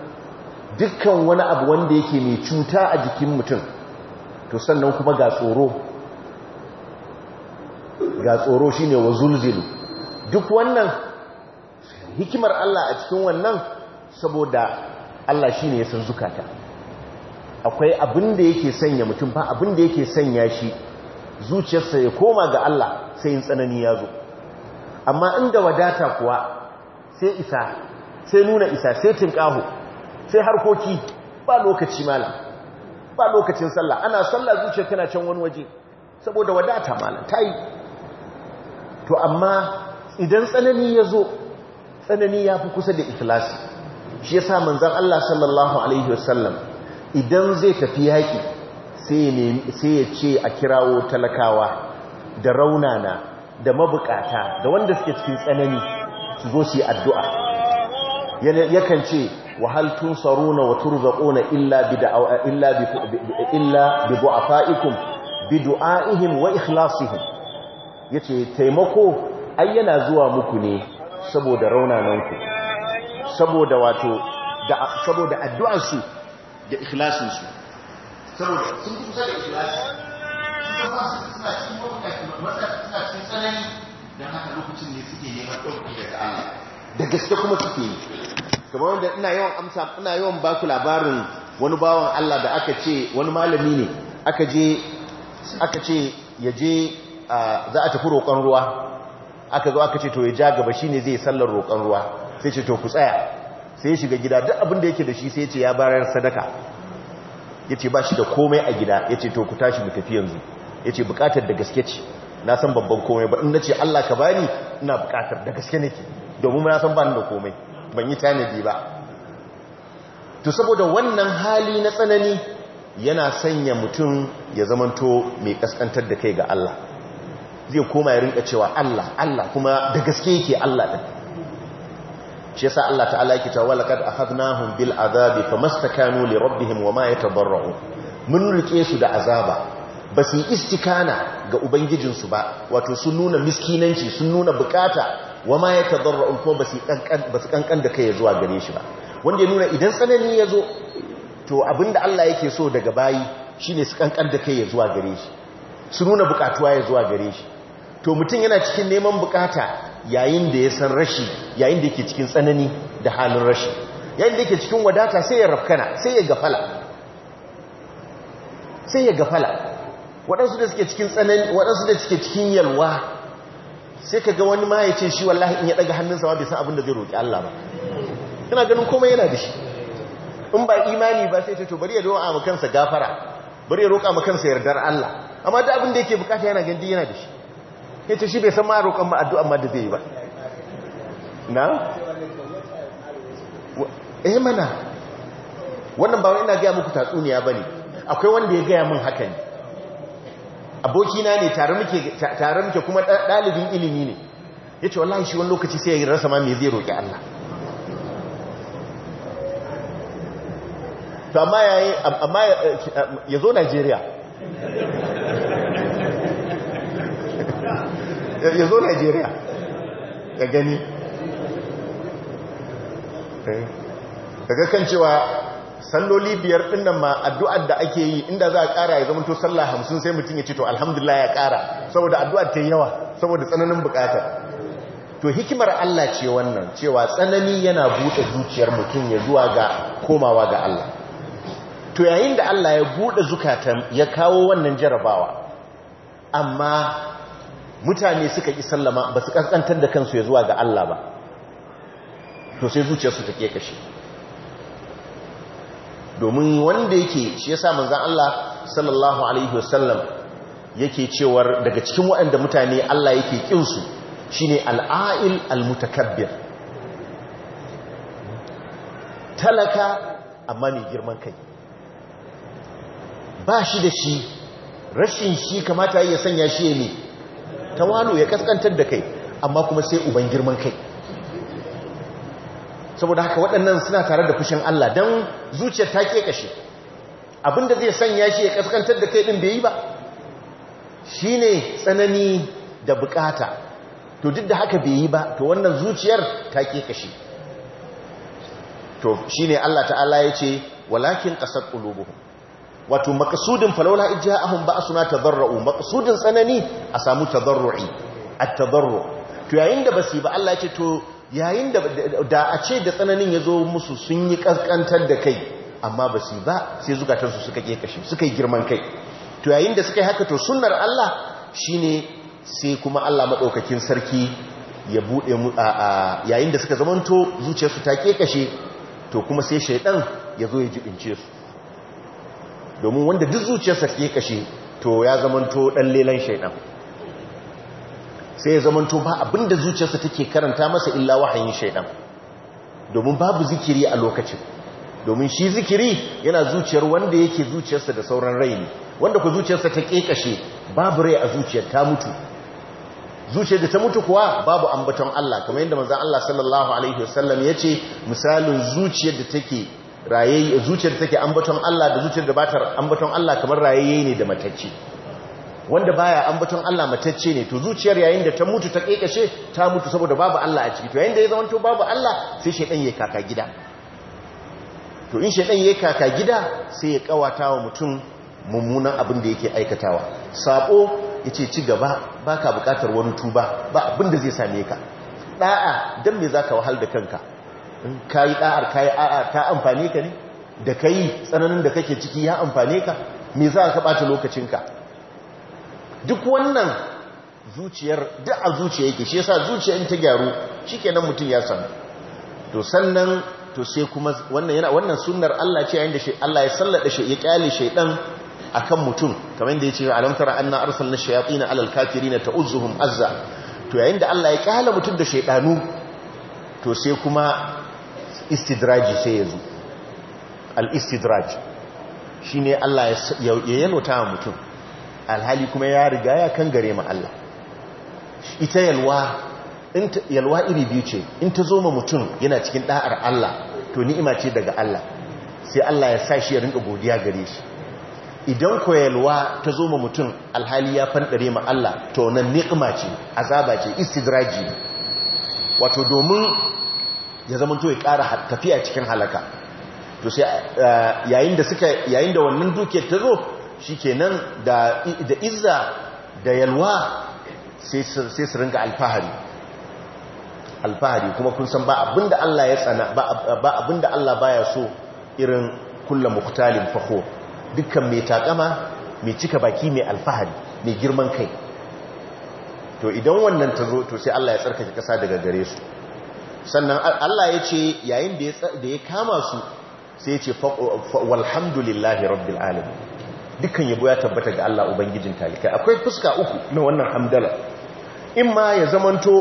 dukkan wani abu wanda yake mai cuta a jikin mutum to sannan kuma ga tsoro ga tsoro shine wa zulzilu duk wannan hikimar Allah a cikin wannan saboda Allah shi ne ya san zukata akwai abin yake sanya mutum ba abin yake sanya shi zuciyarsa ya koma ga Allah sai yin tsanani ya zo amma inda wadata kuwa sai isa sai nuna isa sai tunƙaho. sai harkoki ba lokaci malam ba lokacin sallah ana sallah zuciya tana can wani waje saboda wadata malam ta yi to amma idan tsanani ya zo tsanani ya fi kusa da ikilasi shi ya sa manzan Allah sallallahu Alaihi wasallam idan zai tafi yaƙi sai ya ce a kirawo talakawa da raunana da mabukata da wanda suke cikin tsanani su zo su yi addu'a yakan ce Wahaltun hal tunsaruna wa turzaquna illa bi illa bi illa bi du'afaikum bi du'aihim wa ikhlasihim yace taimako ai yana zuwa muku ne saboda raunananku saboda wato da saboda addu'ar da saboda sun da suna suna tsanani haka lokacin ne suke neman dauki daga Allah da gaske kuma suke yi kamar wanda ina yawan amsa ina yawan baku labarin wani bawan Allah da aka ce wani malami ne aka je aka ce ya je za a tafi roƙon ruwa aka zo aka ce to ya ja gaba shi ne zai sallar roƙon ruwa sai ce to ku tsaya sai ya shiga gida duk abin da yake da shi sai ya ce ya bayar sadaka ce ba shi da komai a gida ya ce to ku tashi mu tafi yanzu ya ce buƙatar da gaske ce na san babban komai ba in ce Allah ka bani ina buƙatar da gaske nake domin na san ba ni da komai ban yi tanadi ba to saboda wannan hali na tsanani yana sanya mutum ya zamanto mai kaskantar da kai ga Allah zai koma ya rinka cewa Allah Allah kuma da gaske yake Allah din shi yasa Allah ta'ala yake cewa laqad akhadnahum bil azabi famastakanu li rabbihim wama yatabarra'u mun rike su da azaba ba su istikana ga ubangijinsu ba wato sun nuna miskinanci sun nuna bukata wa ma yatadarra'un ko basu kankan basu kankan da kai zuwa gare shi ba wanda ya nuna idan tsanani ya zo to abinda Allah yake so daga bayi shine su kankan da kai zuwa gare shi su nuna bukatuwa ya zuwa gare shi to mutum yana cikin neman bukata yayin da ya san rashi yayin da yake cikin tsanani da halin rashi yayin da yake cikin wadata sai ya rafkana sai ya gafala sai ya gafala waɗansu da suke cikin tsanani waɗansu da suke cikin yalwa sai ka ga wani ma ya ce shi wallahi in ya daga hannunsa ma bai san abin da zai roƙi Allah ba kana ganin komai yana da shi in ba imani ba sai ce to bari ya roƙa ma kansa gafara bari ya roƙa ma kansa yardar Allah amma duk abin da yake bukata yana gandi yana da shi ce shi bai san ma roƙon ma addu'a ma da zai yi ba na eh mana wannan ba wani ina ga muku tatsuniya bane akwai wanda ya ga min haka ne abokina ne tare muke kuma ɗalibin ilimi ne ya ce wallahi shi wani lokaci sai ya rasa ma mai zai roƙi Allah amma ya zo Najeriya ya zo Najeriya ya gani daga eh. kan cewa salloli biyar din nan ma addu'ar da ake yi inda za a ƙara ya zama to sallah hamsin sai mutum ya ce to alhamdulillah ya ƙara saboda addu'ar ta yawa saboda tsananin buƙatar to hikimar Allah ce wannan cewa tsanani yana buɗe zuciyar mutum ya zuwa ga komawa ga Allah to yayin da Allah ya buɗe zukatan ya kawo wannan jarabawa amma mutane suka ƙi sallama ba su ƙasƙantar da kansu ya zuwa ga Allah ba to sai zuciyarsu ta ke kashe domin wanda yake shi yasa manzon Allah sallallahu alaihi wasallam yake cewar daga cikin waɗanda mutane Allah yake kin su shine al'ail almutakabbir talaka amma mai girman kai ba shi da shi rashin shi kamata ya sanya shi ne tawalo ya kaskantar da kai amma kuma sai uban girman kai saboda haka waɗannan suna tare da fushin Allah don zuciyar ta ke kashe abinda zai sanya shi ya kaskantar da kai ɗin bai yi ba shi ne tsanani da bukata to duk da haka bai yi ba to wannan zuciyar ta ke kashe to shi ne Allah ta'ala ya ce walakin ƙasar ƙulubu. wato makasudin falaula ahun ba suna tadarru makasudin tsanani a samu a ta tadarru to yayin da basi ba Allah ya ce to yayin da a ce da tsananin ya zo musu sun yi kaskantar da kai amma ba su ba sai zukatarsu suka kashe suka yi girman kai to yayin da suka yi haka to sunar Allah shi ne sai kuma Allah maɗaukakin sarki ya buɗe mu a yayin da suka zamanto zuciyarsu ta kashe to kuma sai shaidan ya zo ya jiɓince su domin wanda duk zuciyarsa ke kashe to ya zamanto ɗan lelan shaidan sai ya zamanto ba abinda zuciyarsa take karanta masa illa wahayin shaidan domin babu zikiri a lokacin domin shi zikiri yana zuciyar wanda yake zuciyarsa da sauran rai ne wanda ku zuciyarsa ta kekashe babu rai a zuciyar ta mutu zuciyar da ta mutu kuwa babu ambaton Allah kamar yadda manzon Allah sallallahu alaihi wasallam yace misalin zuciyar da take rayaye zuciyar da take ambaton Allah da zuciyar da ta ambaton Allah kamar rayayye ne da matacce wanda baya ambaton Allah matacce ne to zuciyar yayin da ta mutu ta kekeshe ta mutu saboda babu Allah a ciki to yayin da ya zamanto babu Allah sai shedan yayi kaka gida to in shedan yayi kaka gida sai ya kawata wa mutum mummunan abin da yake aikatawa ya yace ci gaba baka bukatar wani tuba ba abin da zai same ka da'a dan me zaka wahal da kanka in kai da'ar kai a'a ta amfane ka ne da kai tsananin da kake ciki ya amfane ka me za ka bata lokacin ka. duk wannan zuciyar duk a zuciya yake shi yasa zuciyar ta gyaru shikenan mutum ya san to sannan to sai kuma wannan yana wannan sunnar Allah ce yayin da Allah ya sallada shi ya kyale shaydan akan mutum kamar yadda ce alam tara anna arsalna shayatin ala alkafirina ta'uzuhum azza to yayin da Allah ya kyale mutum da shaydanu to sai kuma istidraji sai ya zo al-istidraj shine Allah ya yalwata mutum alhali kuma ya riga ya kan gare ma Allah ita yalwa yalwa iri biyu ce in ta zo ma mutum yana cikin da'ar Allah to ni'ima ce daga Allah sai Allah ya sa shi ya rinka godiya gare shi idan ko yalwa ta zo ma mutum alhali ya fandare ma Allah to nan ni'ima ce azaba ce istidraji wato domin ya zama to ya ƙara tafiya cikin halaka to sai eh, yayin da suka yayin da wannan dukiyar ta zo shikenan da da izza da yalwa sai su ringa alfahari alfahari kuma kun san ba abinda Allah ya tsana ba abinda Allah baya so irin kullu muqtalin fakhur dukkan mai takama mai cika baki mai alfahari mai girman kai to idan wannan ta zo to sai Allah ya tsarkake kasa daga gare su sannan Allah ya ce yayin da ya kama su sai ya ce walhamdulillahi rabbil alamin dukkan yabo ya tabbata ga Allah ubangijin talikai akwai fuska uku na wannan hamdala in ma ya zamanto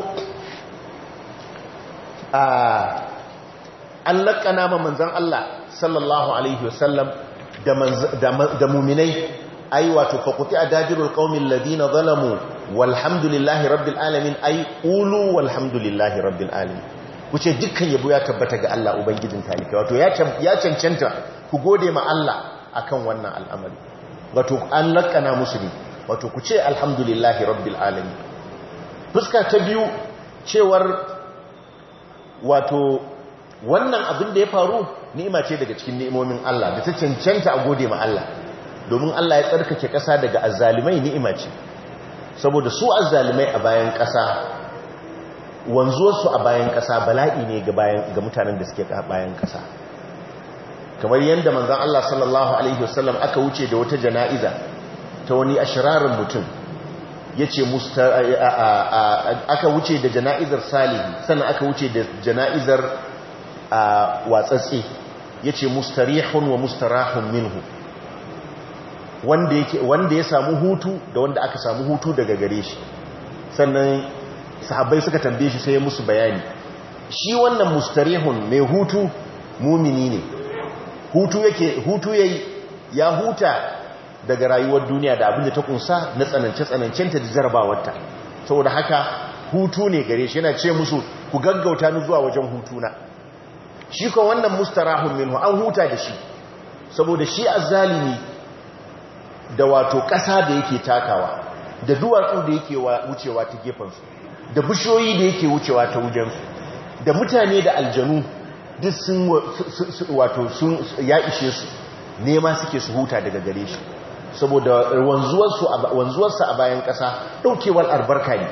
a an laƙana ma manzan Allah sallallahu alaihi wasallam da muminai ai wato fakuti a dajirul ƙaumin ladina zalamu walhamdulillahi rabbil alamin ai ulu walhamdulillahi rabbil alamin wuce dukkan yabo ya tabbata ga Allah ubangijin talikai wato ya cancanta ku gode ma Allah akan wannan al'amari wato an lakana musu ne wato ku ce alhamdulillahi rabbil alami fuska ta biyu cewar wato wannan abin da ya faru ni'ima ce daga cikin ni'imomin Allah da ta cancanta a gode ma Allah domin Allah ya tsarkake ƙasa daga azzalimai ni'ima ce saboda su azzalimai a bayan ƙasa wanzuwarsu a bayan ƙasa bala'i ne ga mutanen da suke bayan ƙasa kamar yadda manzan Allah sallallahu Alaihi wasallam aka wuce da wata jana'iza ta wani ashirarin mutum ya ce aka wuce da jana'izar salihi sannan aka wuce da jana'izar watsatsi ya ce mustarihun wa mustarahun minhu wanda ya samu hutu da wanda aka samu hutu daga gare shi sannan sahabbai suka tambaye shi sai musu bayani shi wannan mustarihun mai hutu mumini ne hutu yake hutu yayi ya huta daga rayuwar duniya da abin da ta kunsa na tsanance tsanancenta da jarabawarta saboda haka hutu ne gare shi yana ce musu ku gaggauta ni zuwa wajen hutuna shi ko wannan mustarahun minhu an huta da shi saboda shi azzalimi da wato ƙasa da yake takawa da duwatsu da yake wucewa ta gefensu da bishiyoyi da yake wucewa ta wujensu da mutane da aljanu duk sun wato sun ya ishe su nema suke su huta daga gare shi saboda wanzuwarsa a bayan kasa ɗaukewar albarka ne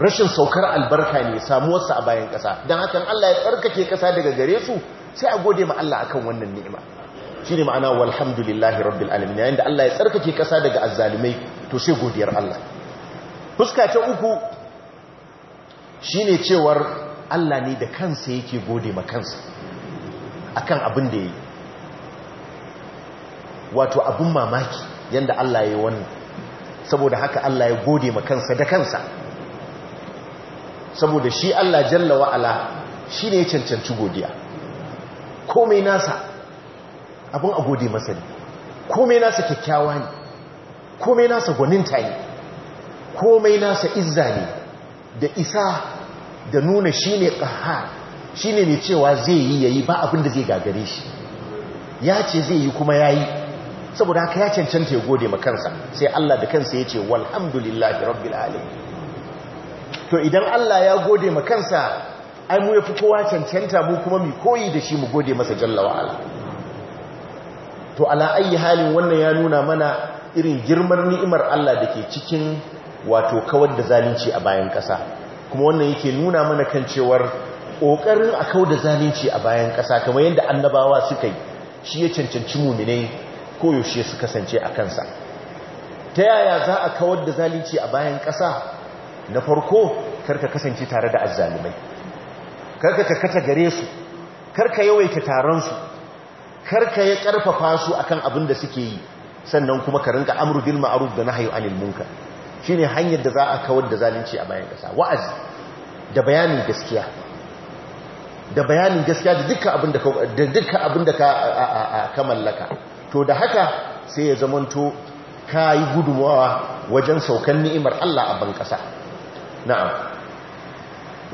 rashin saukar albarka ne samuwarsa a bayan kasa. don hakan Allah ya tsarkake kasa daga gare su sai a gode ma Allah akan wannan ni'ima shi ne ma'ana walhamdulillahi rabbil alamin yayin da Allah ya tsarkake kasa daga azzalimai to sai godiyar Allah fuska ta uku shine cewar Allah ne da kansa yake gode ma kansa akan abin da ya yi wato abin mamaki yadda Allah ya yi wannan saboda haka Allah ya gode ma kansa da kansa saboda shi Allah jalla wa'ala shi ne ya cancanci godiya komai nasa abin a gode masa ne komai nasa kyakkyawa ne komai nasa gwaninta ne komai nasa izza ne da isa da nuna shi ne ƙahar shi ne mai cewa zai yi ya yi ba abin da zai gagare shi ya ce zai yi kuma ya yi saboda haka ya cancanta ya gode makansa sai Allah da kansa ya ce walhamdulillahi rabbil alim to idan Allah ya gode makansa ai mu yafi kowa cancanta mu kuma mu koyi da shi mu gode masa jalla wa ala to ala ayi halin wannan ya nuna mana irin girmar ni'imar Allah da ke cikin wato kawar da zalunci a bayan ƙasa kuma wannan yake nuna mana kan cewar ƙoƙarin a kawo da zalunci a bayan ƙasa kamar yadda annabawa suka yi shi ya cancanci mumine koyaushe su kasance a kansa ta yaya za a kawar da zalunci a bayan ƙasa na farko karka kasance tare da azzalumai karka kata gare su karka yawaita taron su karka ya karfafa su akan abin da suke yi sannan kuma ka rinka amru bil ma'ruf da nahyi anil munkar shine hanyar da za a kawar da zalunci a bayan ƙasa wa'azi da bayanin gaskiya da bayanin gaskiya da dukkan abin da ka dukkan abin da ka ka mallaka to da haka sai ya zamanto ka yi gudumawa wajen saukan ni'imar Allah a ban ƙasa na'am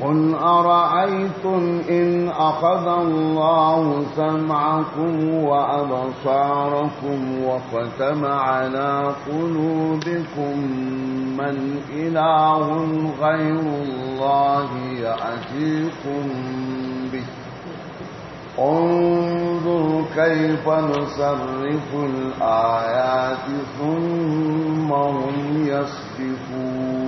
قل أرأيتم إن أخذ الله سمعكم وأبصاركم وختم على قلوبكم من إله غير الله يأتيكم به انظر كيف نصرف الآيات ثم هم يصرفون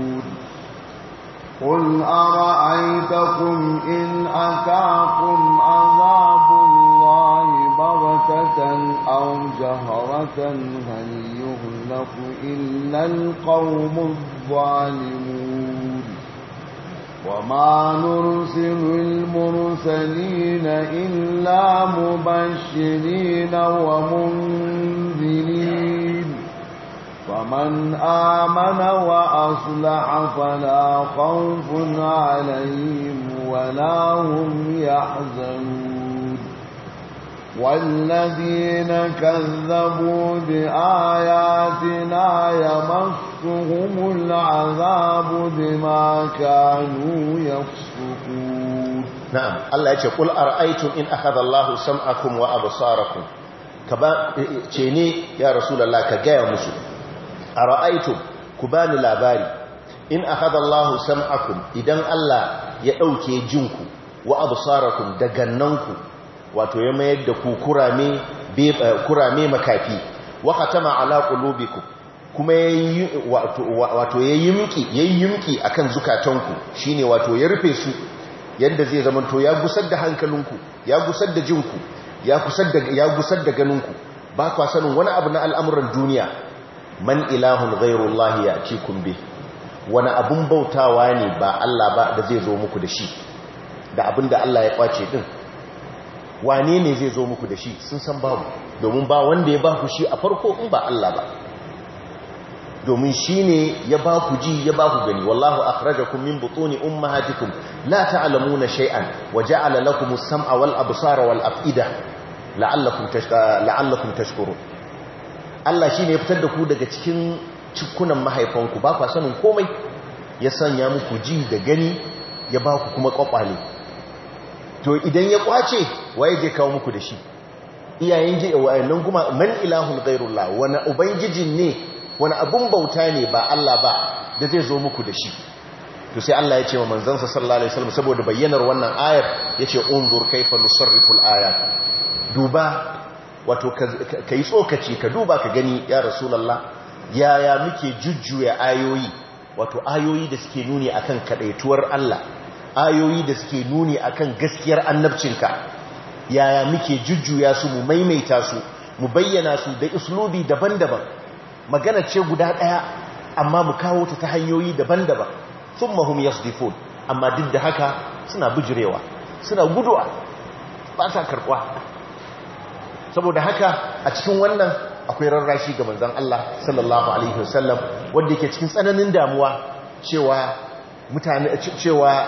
قل أرأيتكم إن أتاكم عذاب الله بغتة أو جهرة هل يهلك إلا القوم الظالمون وما نرسل المرسلين إلا مبشرين ومنذرين فمن آمن وأصلح فلا خوف عليهم ولا هم يحزنون والذين كذبوا بآياتنا يمسهم العذاب بما كانوا يفسقون نعم الله يقول قل أرأيتم إن أخذ الله سمعكم وأبصاركم كبا تشيني يا رسول الله كجاء مسلم A ra'aitu ku bani labari in akhadha Allahu sam'akum idan Allah ya ɗauke jinku wa absarakum da gannanku wato ya mayar da ku kurame be eh, makafi wa khatama ala qulubikum kuma yayi wato yayi yimki yayi akan zukatanku shine wato ya rufe su yadda zai zama ya gusar da hankalinku ya gusar da jinku ya gusar da ganinku ba kwa sanin wani abu na al'amuran duniya man ilahun ghairullahi ya ci kumbe wani abun bautawa ne ba Allah ba da zai zo muku da shi da abin da Allah ya kwace din wane ne zai zo muku da shi sun san babu domin ba wanda ya ba ku shi a farko in ba Allah ba domin shi ne ya ba ku ji ya ba ku gani wallahu akhrajakum min butuni ummahatikum la ta'lamuna shay'an wa ja'ala alalaku as-sam'a wal absara wal af'ida la'allakum tashkurun Allah shi ne fitar da ku daga cikin cikunan mahaifanku ba kwa sanin komai ya sanya muku ji da gani ya ba ku kuma kwakwale to idan ya kwace waye zai kawo muku da shi iyayen ji nan kuma man ilahun ghairullah wani ubangijin ne wani abun bauta ne ba Allah ba da zai zo muku da shi to sai Allah ya ce wa manzansa sallallahu alaihi wasallam saboda bayyanar wannan ayar yace unzur kaifa riful ayat duba wato ka yi tsokaci ka duba ka gani ya rasu rasulallah ya muke jujjuya ayoyi wato ayoyi da suke nuni akan kaɗaituwar Allah ayoyi da suke nuni akan gaskiyar annabcinka ya ya muke jujjuya su mu maimaita su mu bayyana su da uslubi daban-daban magana ce guda ɗaya amma mu kawo ta ta hanyoyi daban-daban thumma hum yasdifun amma duk da haka suna bujurewa suna guduwa ba sa karɓuwa saboda haka a cikin wannan akwai rarrashi ga manzon Allah sallallahu alaihi wasallam wanda yake cikin tsananin damuwa cewa mutane cewa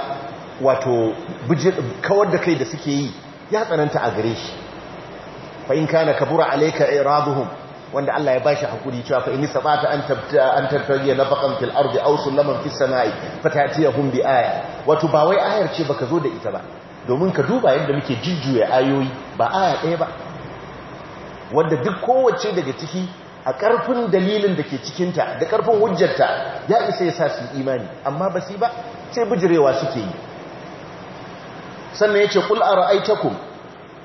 wato kawar da kai da suke yi ya tsananta a gare shi fa in kana kabura alayka iraduhum wanda Allah ya bashi hakuri cewa fa inni sabata an tabta an tarfiya nafaqan fil ardi aw sulaman fis samai fatatiyahum bi aya wato ba wai ayar ce baka zo da ita ba domin ka duba yadda muke jijjuya ayoyi ba aya ɗaya ba wanda duk kowace daga ciki a ƙarfin dalilin da ke cikinta da ƙarfin hujjarta ya isa ya sa su imani amma ba su ba sai bijirewa suke yi sannan ya ce ƙul a ra'aitakum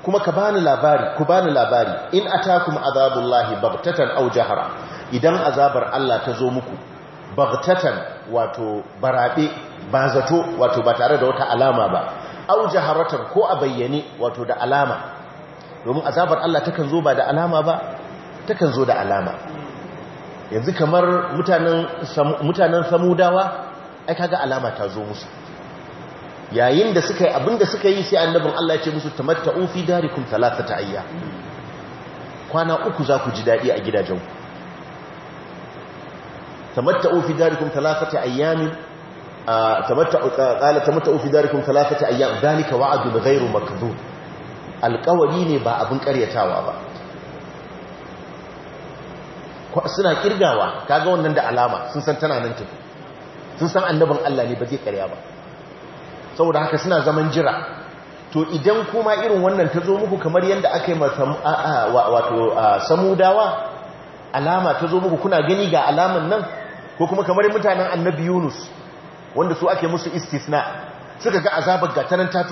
kuma ka bani labari ku bani labari in a azabun azabullahi bagtatan au jihara idan azabar Allah ta zo muku bagtatan wato baraɓe ba zato wato ba tare da wata alama ba au jiharatan ko a bayyane wato da alama domin azabar Allah takan zo ba da alama ba takan zo da alama yanzu kamar mutanen samudawa ai kaga alama ta zo musu yayin da suka yi abinda suka yi sai annabin Allah ya ce musu tamatta'u fi darikum thalathata ayya kwana uku za ku ji dadi a gidajenku tamatta'u fi darikum thalathata ayyamin ah, tamatta'u qala tamatta'u fi darikum thalathata ayyam dalika wa'dun ghayru makdhub alkawari ne ba abin karyatawa ba suna kirgawa kaga wannan da alama sun san tana nan tafi sun san annabin Allah ne ba zai karya ba saboda haka suna zaman jira to idan kuma irin wannan ta zo muku kamar yadda aka yi wato samudawa alama ta zo muku kuna gani ga alaman nan ko kuma kamar mutanen annabi yunus wanda su ake musu istisna suka ga azabar gatanan ta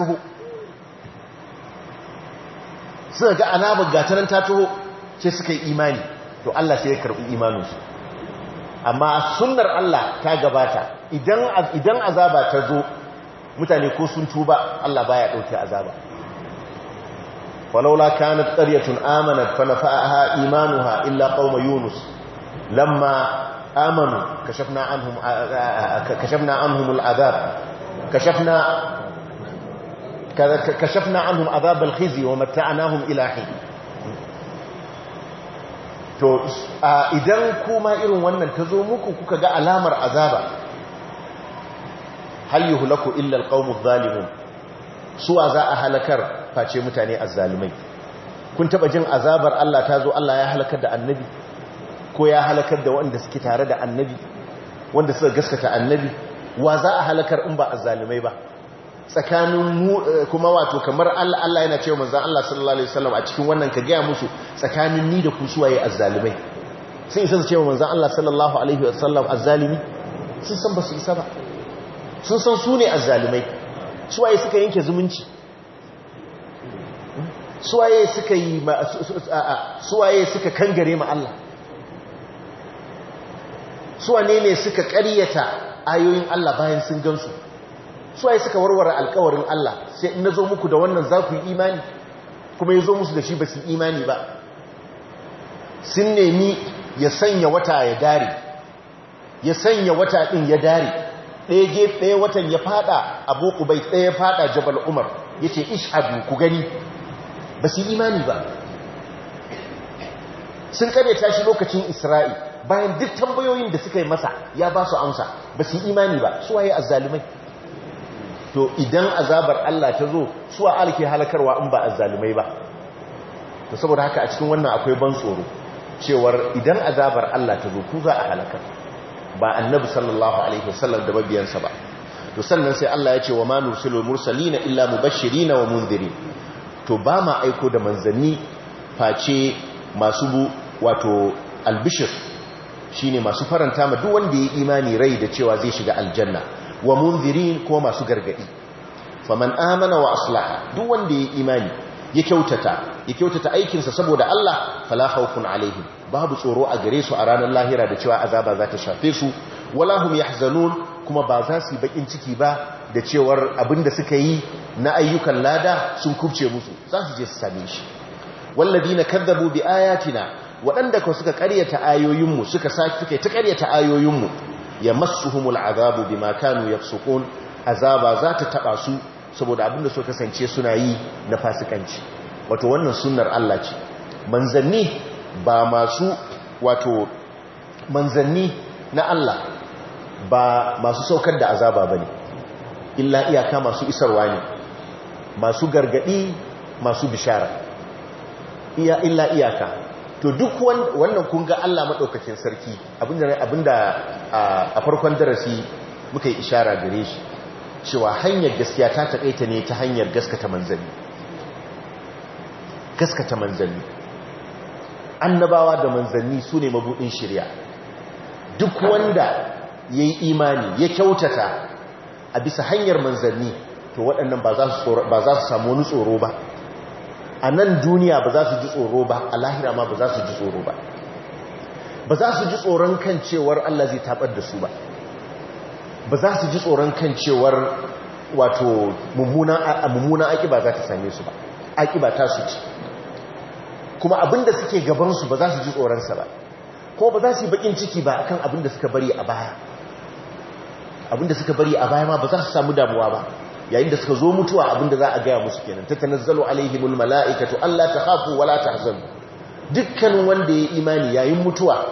suka ga anabar gatanan ta taho sai suka yi imani to Allah sai ya karbi imaninsu amma sunnar Allah ta gabata idan azaba ta zo mutane ko sun tuba Allah baya dauke azaba walaula kanat qaryatun amanat fa imanuha illa qaum yunus lamma amanu kashafna anhum kashafna anhum al'adab kashafna كشفنا عنهم عذاب الخزي ومتعناهم إلى حين to idan kuma irin wannan ta zo muku kuka ga alamar azaba hal yuhlaku illa alqawmuz zalimun suwa za a halakar face mutane azzalimai kun taɓa jin azabar Allah ta zo Allah ya halakar da annabi ko ya halakar da wanda suke tare da annabi wanda suka gaskata annabi wa za a halakar in ba a azzalimai ba tsakanin eh, kuma wato kamar Allah yana cewa manzon Allah sallallahu alaihi wasallam a cikin wannan ka gaya musu tsakanin ni da ku suwaye azzalimai sai isa su cewa manzon Allah sallallahu alaihi wasallam azzalimi sun san ba su isa ba sun san su ne azzalimai suwaye suka yanke zumunci suwaye suka yi suwaye suka kangare ma Allah suwane ne suka ƙaryata ayoyin Allah bayan sun gansu su ai suka warware alkawarin Allah sai in nazo muku da wannan za ku yi imani kuma yazo musu da shi ba su imani ba sun nemi ya sanya wata ya dare ya sanya wata din ya dare ɗaya gefe ɗaya watan ya fada abu kubai ɗaya fada jabal umar yace ishadu ku gani ba su imani ba sun kare tashi lokacin isra'i bayan duk tambayoyin da suka yi masa ya ba su amsa ba su imani ba su waye azzalumai to idan azabar Allah ta zo su a alke halakarwa in ba zalumai ba to saboda haka a cikin wannan akwai ban tsoro cewar idan azabar Allah ta zo ku za a halakar ba annabi sallallahu alaihi wasallam da babiyansa ba to sannan sai Allah ya ce wa ma nursilul mursalina illa mubashshirina wa mundirin to ba ma aiko da manzanni face masu bu wato albishir shine masu faranta ma duk wanda ya imani rai da cewa zai shiga aljanna wa munzirin ko masu gargadi faman amana wa aslaha duk wanda ya imani ya kyautata ya kyautata aikinsa saboda Allah fala khawfun alaihim babu tsoro a gare su a ranar lahira da cewa azaba za ta shafe su wala hum yahzanun kuma ba za su bakin ciki ba da cewar abinda suka yi na ayyukan lada sun kubce musu za su je su same shi walladina kadzabu bi ayatina waɗanda ko suka ƙaryata ayoyinmu suka sake suka ta ƙaryata ayoyinmu ya massuhumul azabu bima kanu yafsukun azaba za ta taba su saboda abin da so kasance suna yi na fasikanci wato wannan sunnar Allah ce manzanni ba masu wato manzanni na Allah ba masu saukar da azaba bane illa iyaka masu isarwa ne masu gargadi masu bishara iya illa iyaka to duk wannan kun ga Allah maɗaukakin sarki abinda a farkon darasi muka yi ishara gare shi cewa hanyar gaskiya ta taƙaita ne ta hanyar gaskata manzanni gaskata manzanni annabawa da manzanni su ne mabuɗin shirya duk wanda ya yi imani ya kyautata a bisa hanyar manzanni to waɗannan ba za su samu wani tsoro ba a nan duniya ba za su ji tsoro ba a lahira ma ba za su ji tsoro ba ba za su ji tsoron kan cewar Allah zai tabar da su ba ba za su ji tsoron kan cewar wato mummuna akiba za ta same su ba akiba ta su ci kuma abinda suke gabansu ba za su ji tsoronsa ba ko ba za su yi bakin ciki ba akan abinda suka bari a baya abinda suka bari a baya ma ba za su samu damuwa ba yayin da suka zo mutuwa abinda za a gaya musu kenan tatanazzalu alaihimul mala'ikatu alla takhafu wala tahzanu dukkanin wanda ya imani yayin mutuwa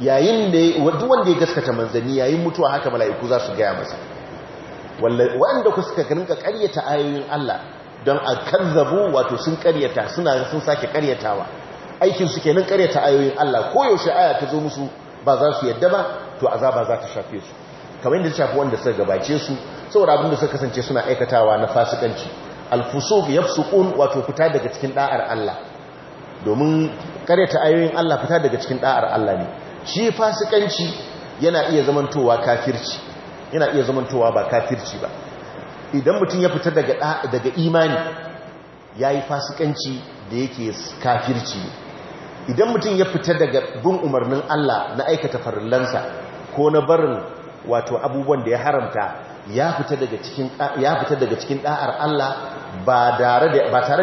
yayin da duk wanda ya gaskata manzanni yayin mutuwa haka mala'iku za su gaya masa wanda ku suka rinka ƙaryata ayoyin Allah don a kazzabu wato sun ƙaryata suna sun sake ƙaryatawa aikin su kenan ƙaryata ayoyin Allah ko yaushe aya ta zo musu ba za su yadda ba to azaba za ta shafe su kamar inda ta shafi wanda suka gabace su saboda abin da suka kasance suna aikatawa na fasikanci alfusuf yafsukun wato fita daga cikin da'ar Allah domin karyata ayoyin Allah fita daga cikin da'ar Allah ne shi fasikanci yana iya zamantowa kafirci yana iya zamantowa ba kafirci ba idan mutum ya fita daga daga imani yayi fasikanci da yake kafirci idan mutum ya fita daga bin umarnin Allah na aikata farillansa ko na barin wato abubuwan da ya haramta ya fita daga cikin ɗa'ar Allah ba tare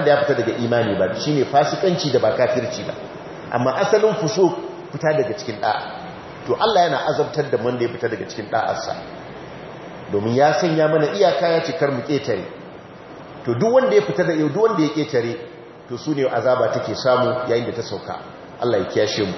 da ya fita daga imani ba shi ne fasikanci da ba kafirci ba amma asalin fuso fita daga cikin ɗa'a to Allah yana azabtar da wanda ya fita daga cikin ɗa'arsa. domin ya sanya mana iyaka ya ce kar mu ketare to duk wanda ya fita da duk wanda ya ƙetare to sune azaba take samu yayin da ta sauka Allah ya kiyashe mu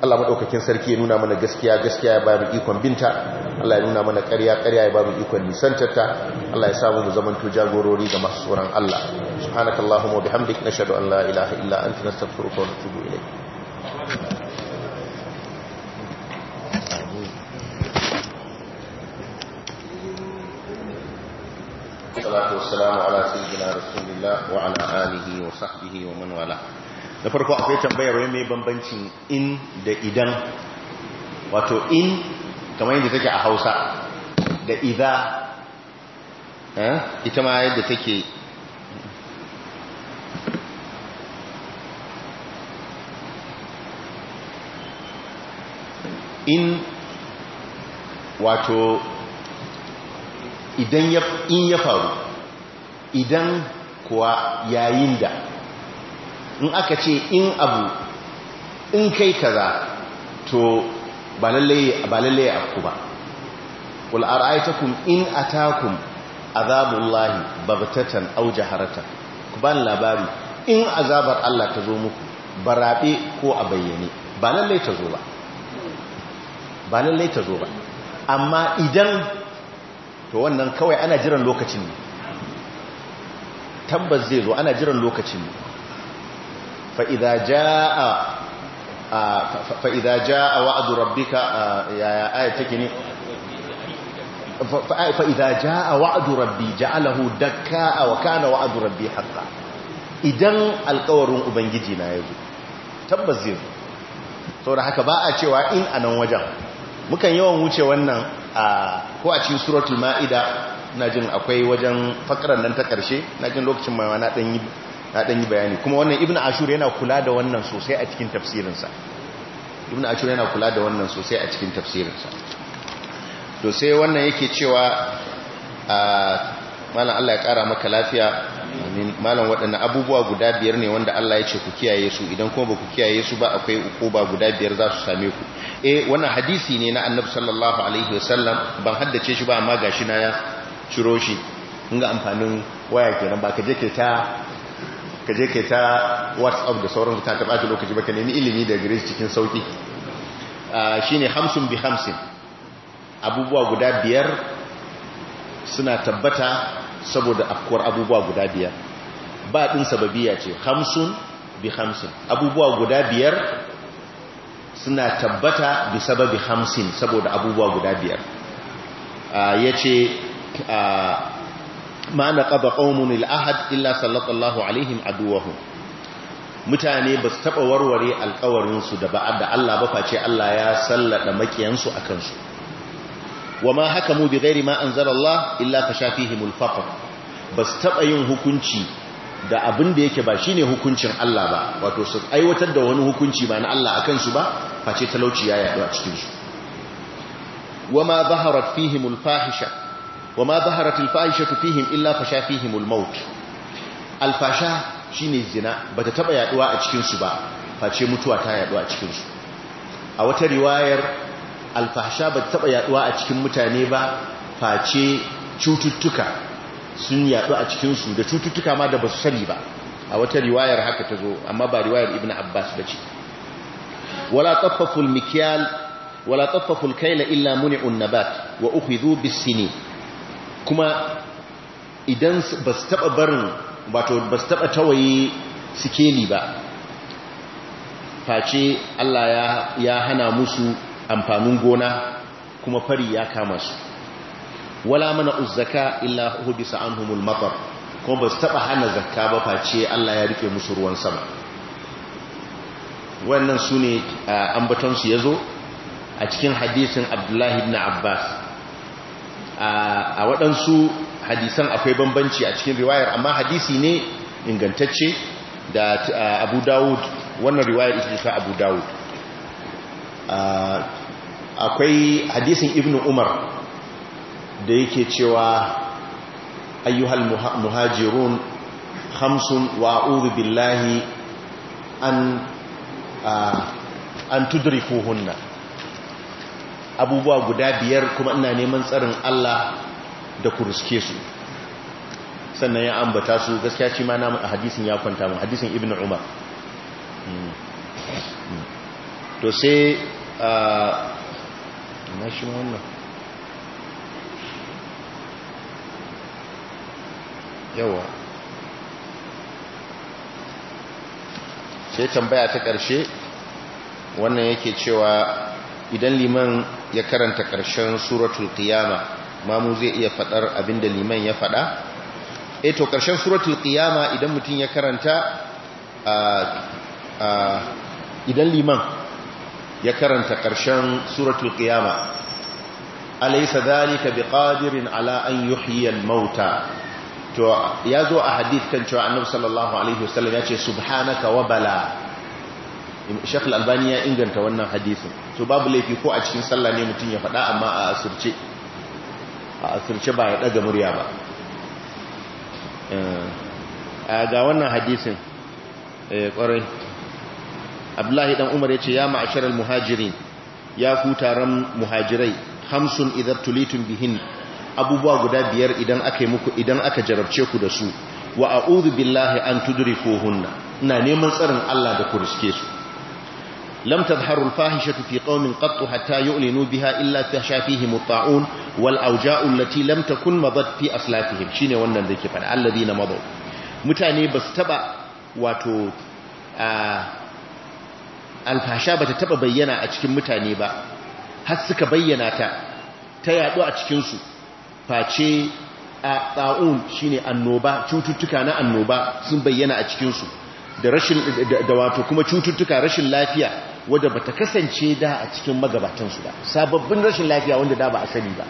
Allah madaukakin sarki ya nuna mana gaskiya gaskiya ya bayar ikon binta Allah ya nuna mana ƙarya ƙarya ya ba mu ikon nisantarta Allah ya samu mu zamanto jagorori ga masu tsoron Allah subhanakallahumma wa bihamdika nashhadu an la ilaha illa anta nastaghfiruka wa natubu ilayk salatu wassalamu ala sayyidina rasulillah wa ala alihi wa sahbihi wa man wala da farko akwai tambayar wai mai bambancin in da idan wato in kamar yadda take a hausa da idha eh, ita ma yadda take in wato idan in ya faru idan kuwa yayin da in aka ce in abu in kai kaza to ba lallai ba lallai afku ba qul ara'aytakum in atakum azabullahi baghtatan aw jaharatan ku ban labari in azabar Allah ta zo muku barabe ko a bayyane ba lallai ta zo ba ba lallai ta zo ba amma idan to wannan kawai ana jiran lokacin ne tabbas zai zo ana jiran lokacin ne fa idza jaa fa idza jaa wa'du rabbika ya take ne fa idza jaa wa'du rabbi ja'alahu dakka wa kana wa'du rabbi haqqan idan alƙawarin ubangiji na yazo tabbas zai zo saboda haka ba a cewa in anan wajen mukan yawan wuce wannan ko a cikin suratul ma'ida na jin akwai wajen fakarar nan ta karshe na jin lokacin mai na dan yi na dan yi bayani kuma wannan ibnu ashur yana kula da wannan sosai a cikin tafsirinsa ibnu ashur yana kula da wannan sosai a cikin tafsirinsa to sai wannan yake cewa a ah, malam Allah ya kara maka lafiya amin malam waɗannan abubuwa guda biyar ne wanda Allah ya ce ku kiyaye su idan kuma ba ku kiyaye su ba akwai ba guda biyar za su same ku eh wannan hadisi ne na annabi sallallahu alaihi wasallam ban haddace shi ba amma gashi na ya ciro shi kun ga amfanin waya kenan ba ka je ke ta ka je kai ta whatsapp da sauran ta taɓa ta lokaci ba ka nemi ilimi da gare cikin sauki shi ne hamsin bi hamsin abubuwa guda biyar suna tabbata saboda afkuwar abubuwa guda biyar ba ɗin sababiya ce hamsin bi hamsin abubuwa guda biyar suna tabbata bi sababi hamsin saboda abubuwa guda biyar ya ce ma naqaba qaumun al-ahad illa sallallahu alaihim aduwahum mutane ba su taɓa warware alkawarin su da ba'a da Allah ba face Allah ya sallada makiyansu a kansu. wama hakamu bi ghairi ma zara Allah illa kashafihimul faqr ba su taɓa yin hukunci da abin da yake ba shine hukuncin Allah ba wato su aiwatar da wani hukunci ba na Allah a kansu ba face talauci ya yaɗu a cikinsu wama zaharat fihimul fahisha wa ma zaharat alfahishatu fihim illa fasha fihim almaut alfasha shine zina bata taba yaduwa a cikin ba face mutuwa ta yaduwa a cikin a wata riwayar alfasha bata taba yaduwa a cikin mutane ba face cututtuka sun yaɗu a cikinsu da cututtuka ma da basu sani ba a wata riwayar haka ta zo amma ba riwayar Ibn abbas bace wala tafaful mikyal wala tafaful kaila illa muni'un nabat wa ukhidhu bis sinin kuma idan ba su taba barin wato ba su taba tawaye sikeli ba face Allah ya hana musu amfanin gona kuma fari ya kama su wala mana uzzaka illa hubisa anhumul matar kuma ba su taba hana zakka ba face Allah ya rike musu ruwan sama wannan su ne ambatonsu ya zo a cikin hadisin abdullahi ibn abbas a waɗansu hadisan akwai bambanci a cikin riwayar amma hadisi ne ingantacce da abu dawud wannan riwayar ita ta abu dawud akwai hadisin ibn umar da yake cewa ayyuhal muhajirun hamsun wa billahi an tudurifu tudrikuhunna abubuwa guda biyar kuma ina neman tsarin Allah da ku riske su sannan ya ambata su gaskiya shi ma na hadisin ya kwanta mu hadisin ibnu umar hmm. Hmm. to sai na shi wannan yawa sai tambaya ta ƙarshe wannan yake cewa idan liman ya karanta ƙarshen suratul qiyama mamu zai iya faɗar abinda liman ya faɗa eh to ƙarshen suratul qiyama idan mutum ya karanta idan liman ya karanta ƙarshen suratul qiyama alaysa dhalika biqadirin ala an yuhyiya al-mauta to ya zo a hadith kan cewa annabi sallallahu alaihi wasallam ya ce subhanaka wa bala Shakal albani ya inganta wannan hadisin to babu laifi ko a cikin sallah ne mutum ya faɗa amma a asirce a asirce ba ya daga murya ba eh, ga wannan hadisin eh kwarai Abdullahi dan Umar ya ce ya ma'asharal muhajirin ya ku taron muhajirai hamsun idar tulitun bihin abubuwa guda biyar idan aka yi muku idan aka jarabce ku da su wa a'udhu billahi an hunna ina neman tsarin Allah da ku riske su لم تظهر الفاحشة في قوم قط حتى يؤلنوا بها إلا تهشى فيهم الطاعون والأوجاء التي لم تكن مضت في أسلافهم شين ونن ذيك فن الذين مضوا متاني بستبع واتو الفحشة بتتبع بينا أتكم متاني با هسك بينا تا تيادو أتكنسو فاچه الطاعون شين النوبة شوتتكنا النوبة سن بينا أتكنسو da rashin da wato kuma cututtuka rashin lafiya wadda bata kasance da a cikin magabatansu ba sababbin rashin lafiya wanda da ba a sani ba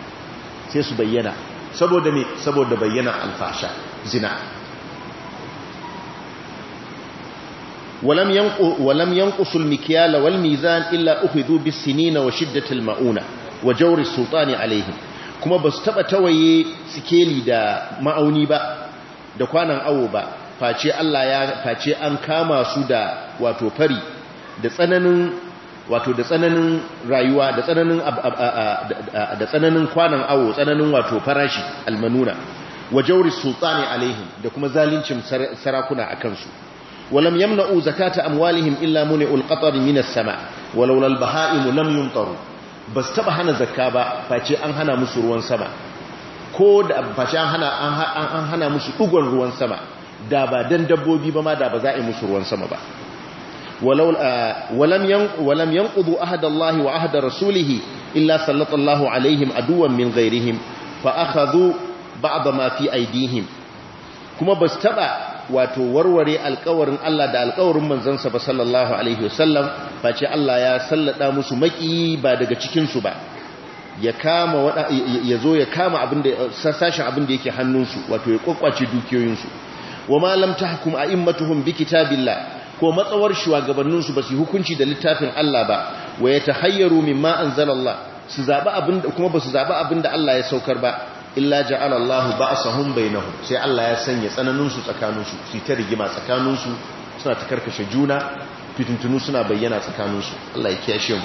sai su bayyana saboda ne saboda bayyana alfasha zina walam yanqusul mikyal wal mizan illa ukhidhu bis sinina wa shiddatil mauna wa jawri sultani Alayhi kuma basu taba tawaye sikeli da ma'auni ba da kwanan awo ba face Allah ya face an kama su da wato fari da tsananin wato da tsananin rayuwa da tsananin da tsananin kwanan awo tsananin wato farashi almanuna wa sultani alaihim da kuma zalincin sarakuna akan su walam yamna'u zakata amwalihim illa muni'ul qatari minas sama walaula albaha'im lam yumtaru bas taba hana zakka ba face an hana musu ruwan sama ko da face an hana an hana musu dugon ruwan sama da ba dan dabbobi ba ma da ba za a yi musu ruwan sama ba walam yanqudu ahadallahi wa ahada rasulih illa sallallahu alaihim aduwan min ghairihim fa akhadhu ba ma fi aidihim kuma bas taɓa wato warware alƙawarin Allah da alƙawarin manzansa ba sallallahu alaihi wasallam face Allah ya sallada musu maki ba daga cikinsu ba ya kama wada ya ya kama abin da sashin abin da hannunsu wato ya kokwace dukiyoyinsu wa ma lam tahkum a'immatuhum bi kitabillah ko matsawar shugabanninsu ba su hukunci da littafin Allah ba wa ya tahayyaru mimma anzalallah su zaba abin kuma ba su zaba abin da Allah ya saukar ba illa ja'alallahu Allahu ba'sahum bainahum sai Allah ya sanya tsananinsu tsakaninsu, su ta rigima tsakaninsu suna ta karkashe juna fitintunu suna bayyana tsakaninsu. Allah ya kiyashe mu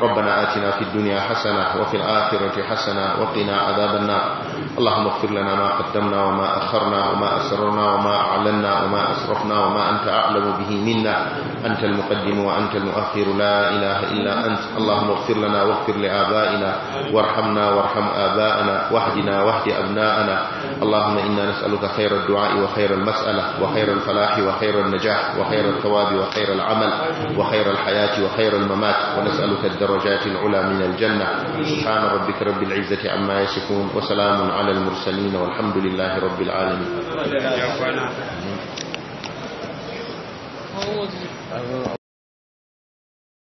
ربنا آتنا في الدنيا حسنة وفي الآخرة حسنة وقنا عذاب النار اللهم اغفر لنا ما قدمنا وما أخرنا وما أسررنا وما أعلنا وما أسرفنا وما أنت أعلم به منا أنت المقدم وأنت المؤخر لا إله إلا أنت اللهم اغفر لنا واغفر لآبائنا وارحمنا وارحم آباءنا واهدنا واهد أبناءنا اللهم إنا نسألك خير الدعاء وخير المسألة وخير الفلاح وخير النجاح وخير الثواب وخير العمل وخير الحياة وخير الممات ونسألك الدرس درجات العلى من الجنة سبحان ربك رب العزة عما يصفون وسلام على المرسلين والحمد لله رب العالمين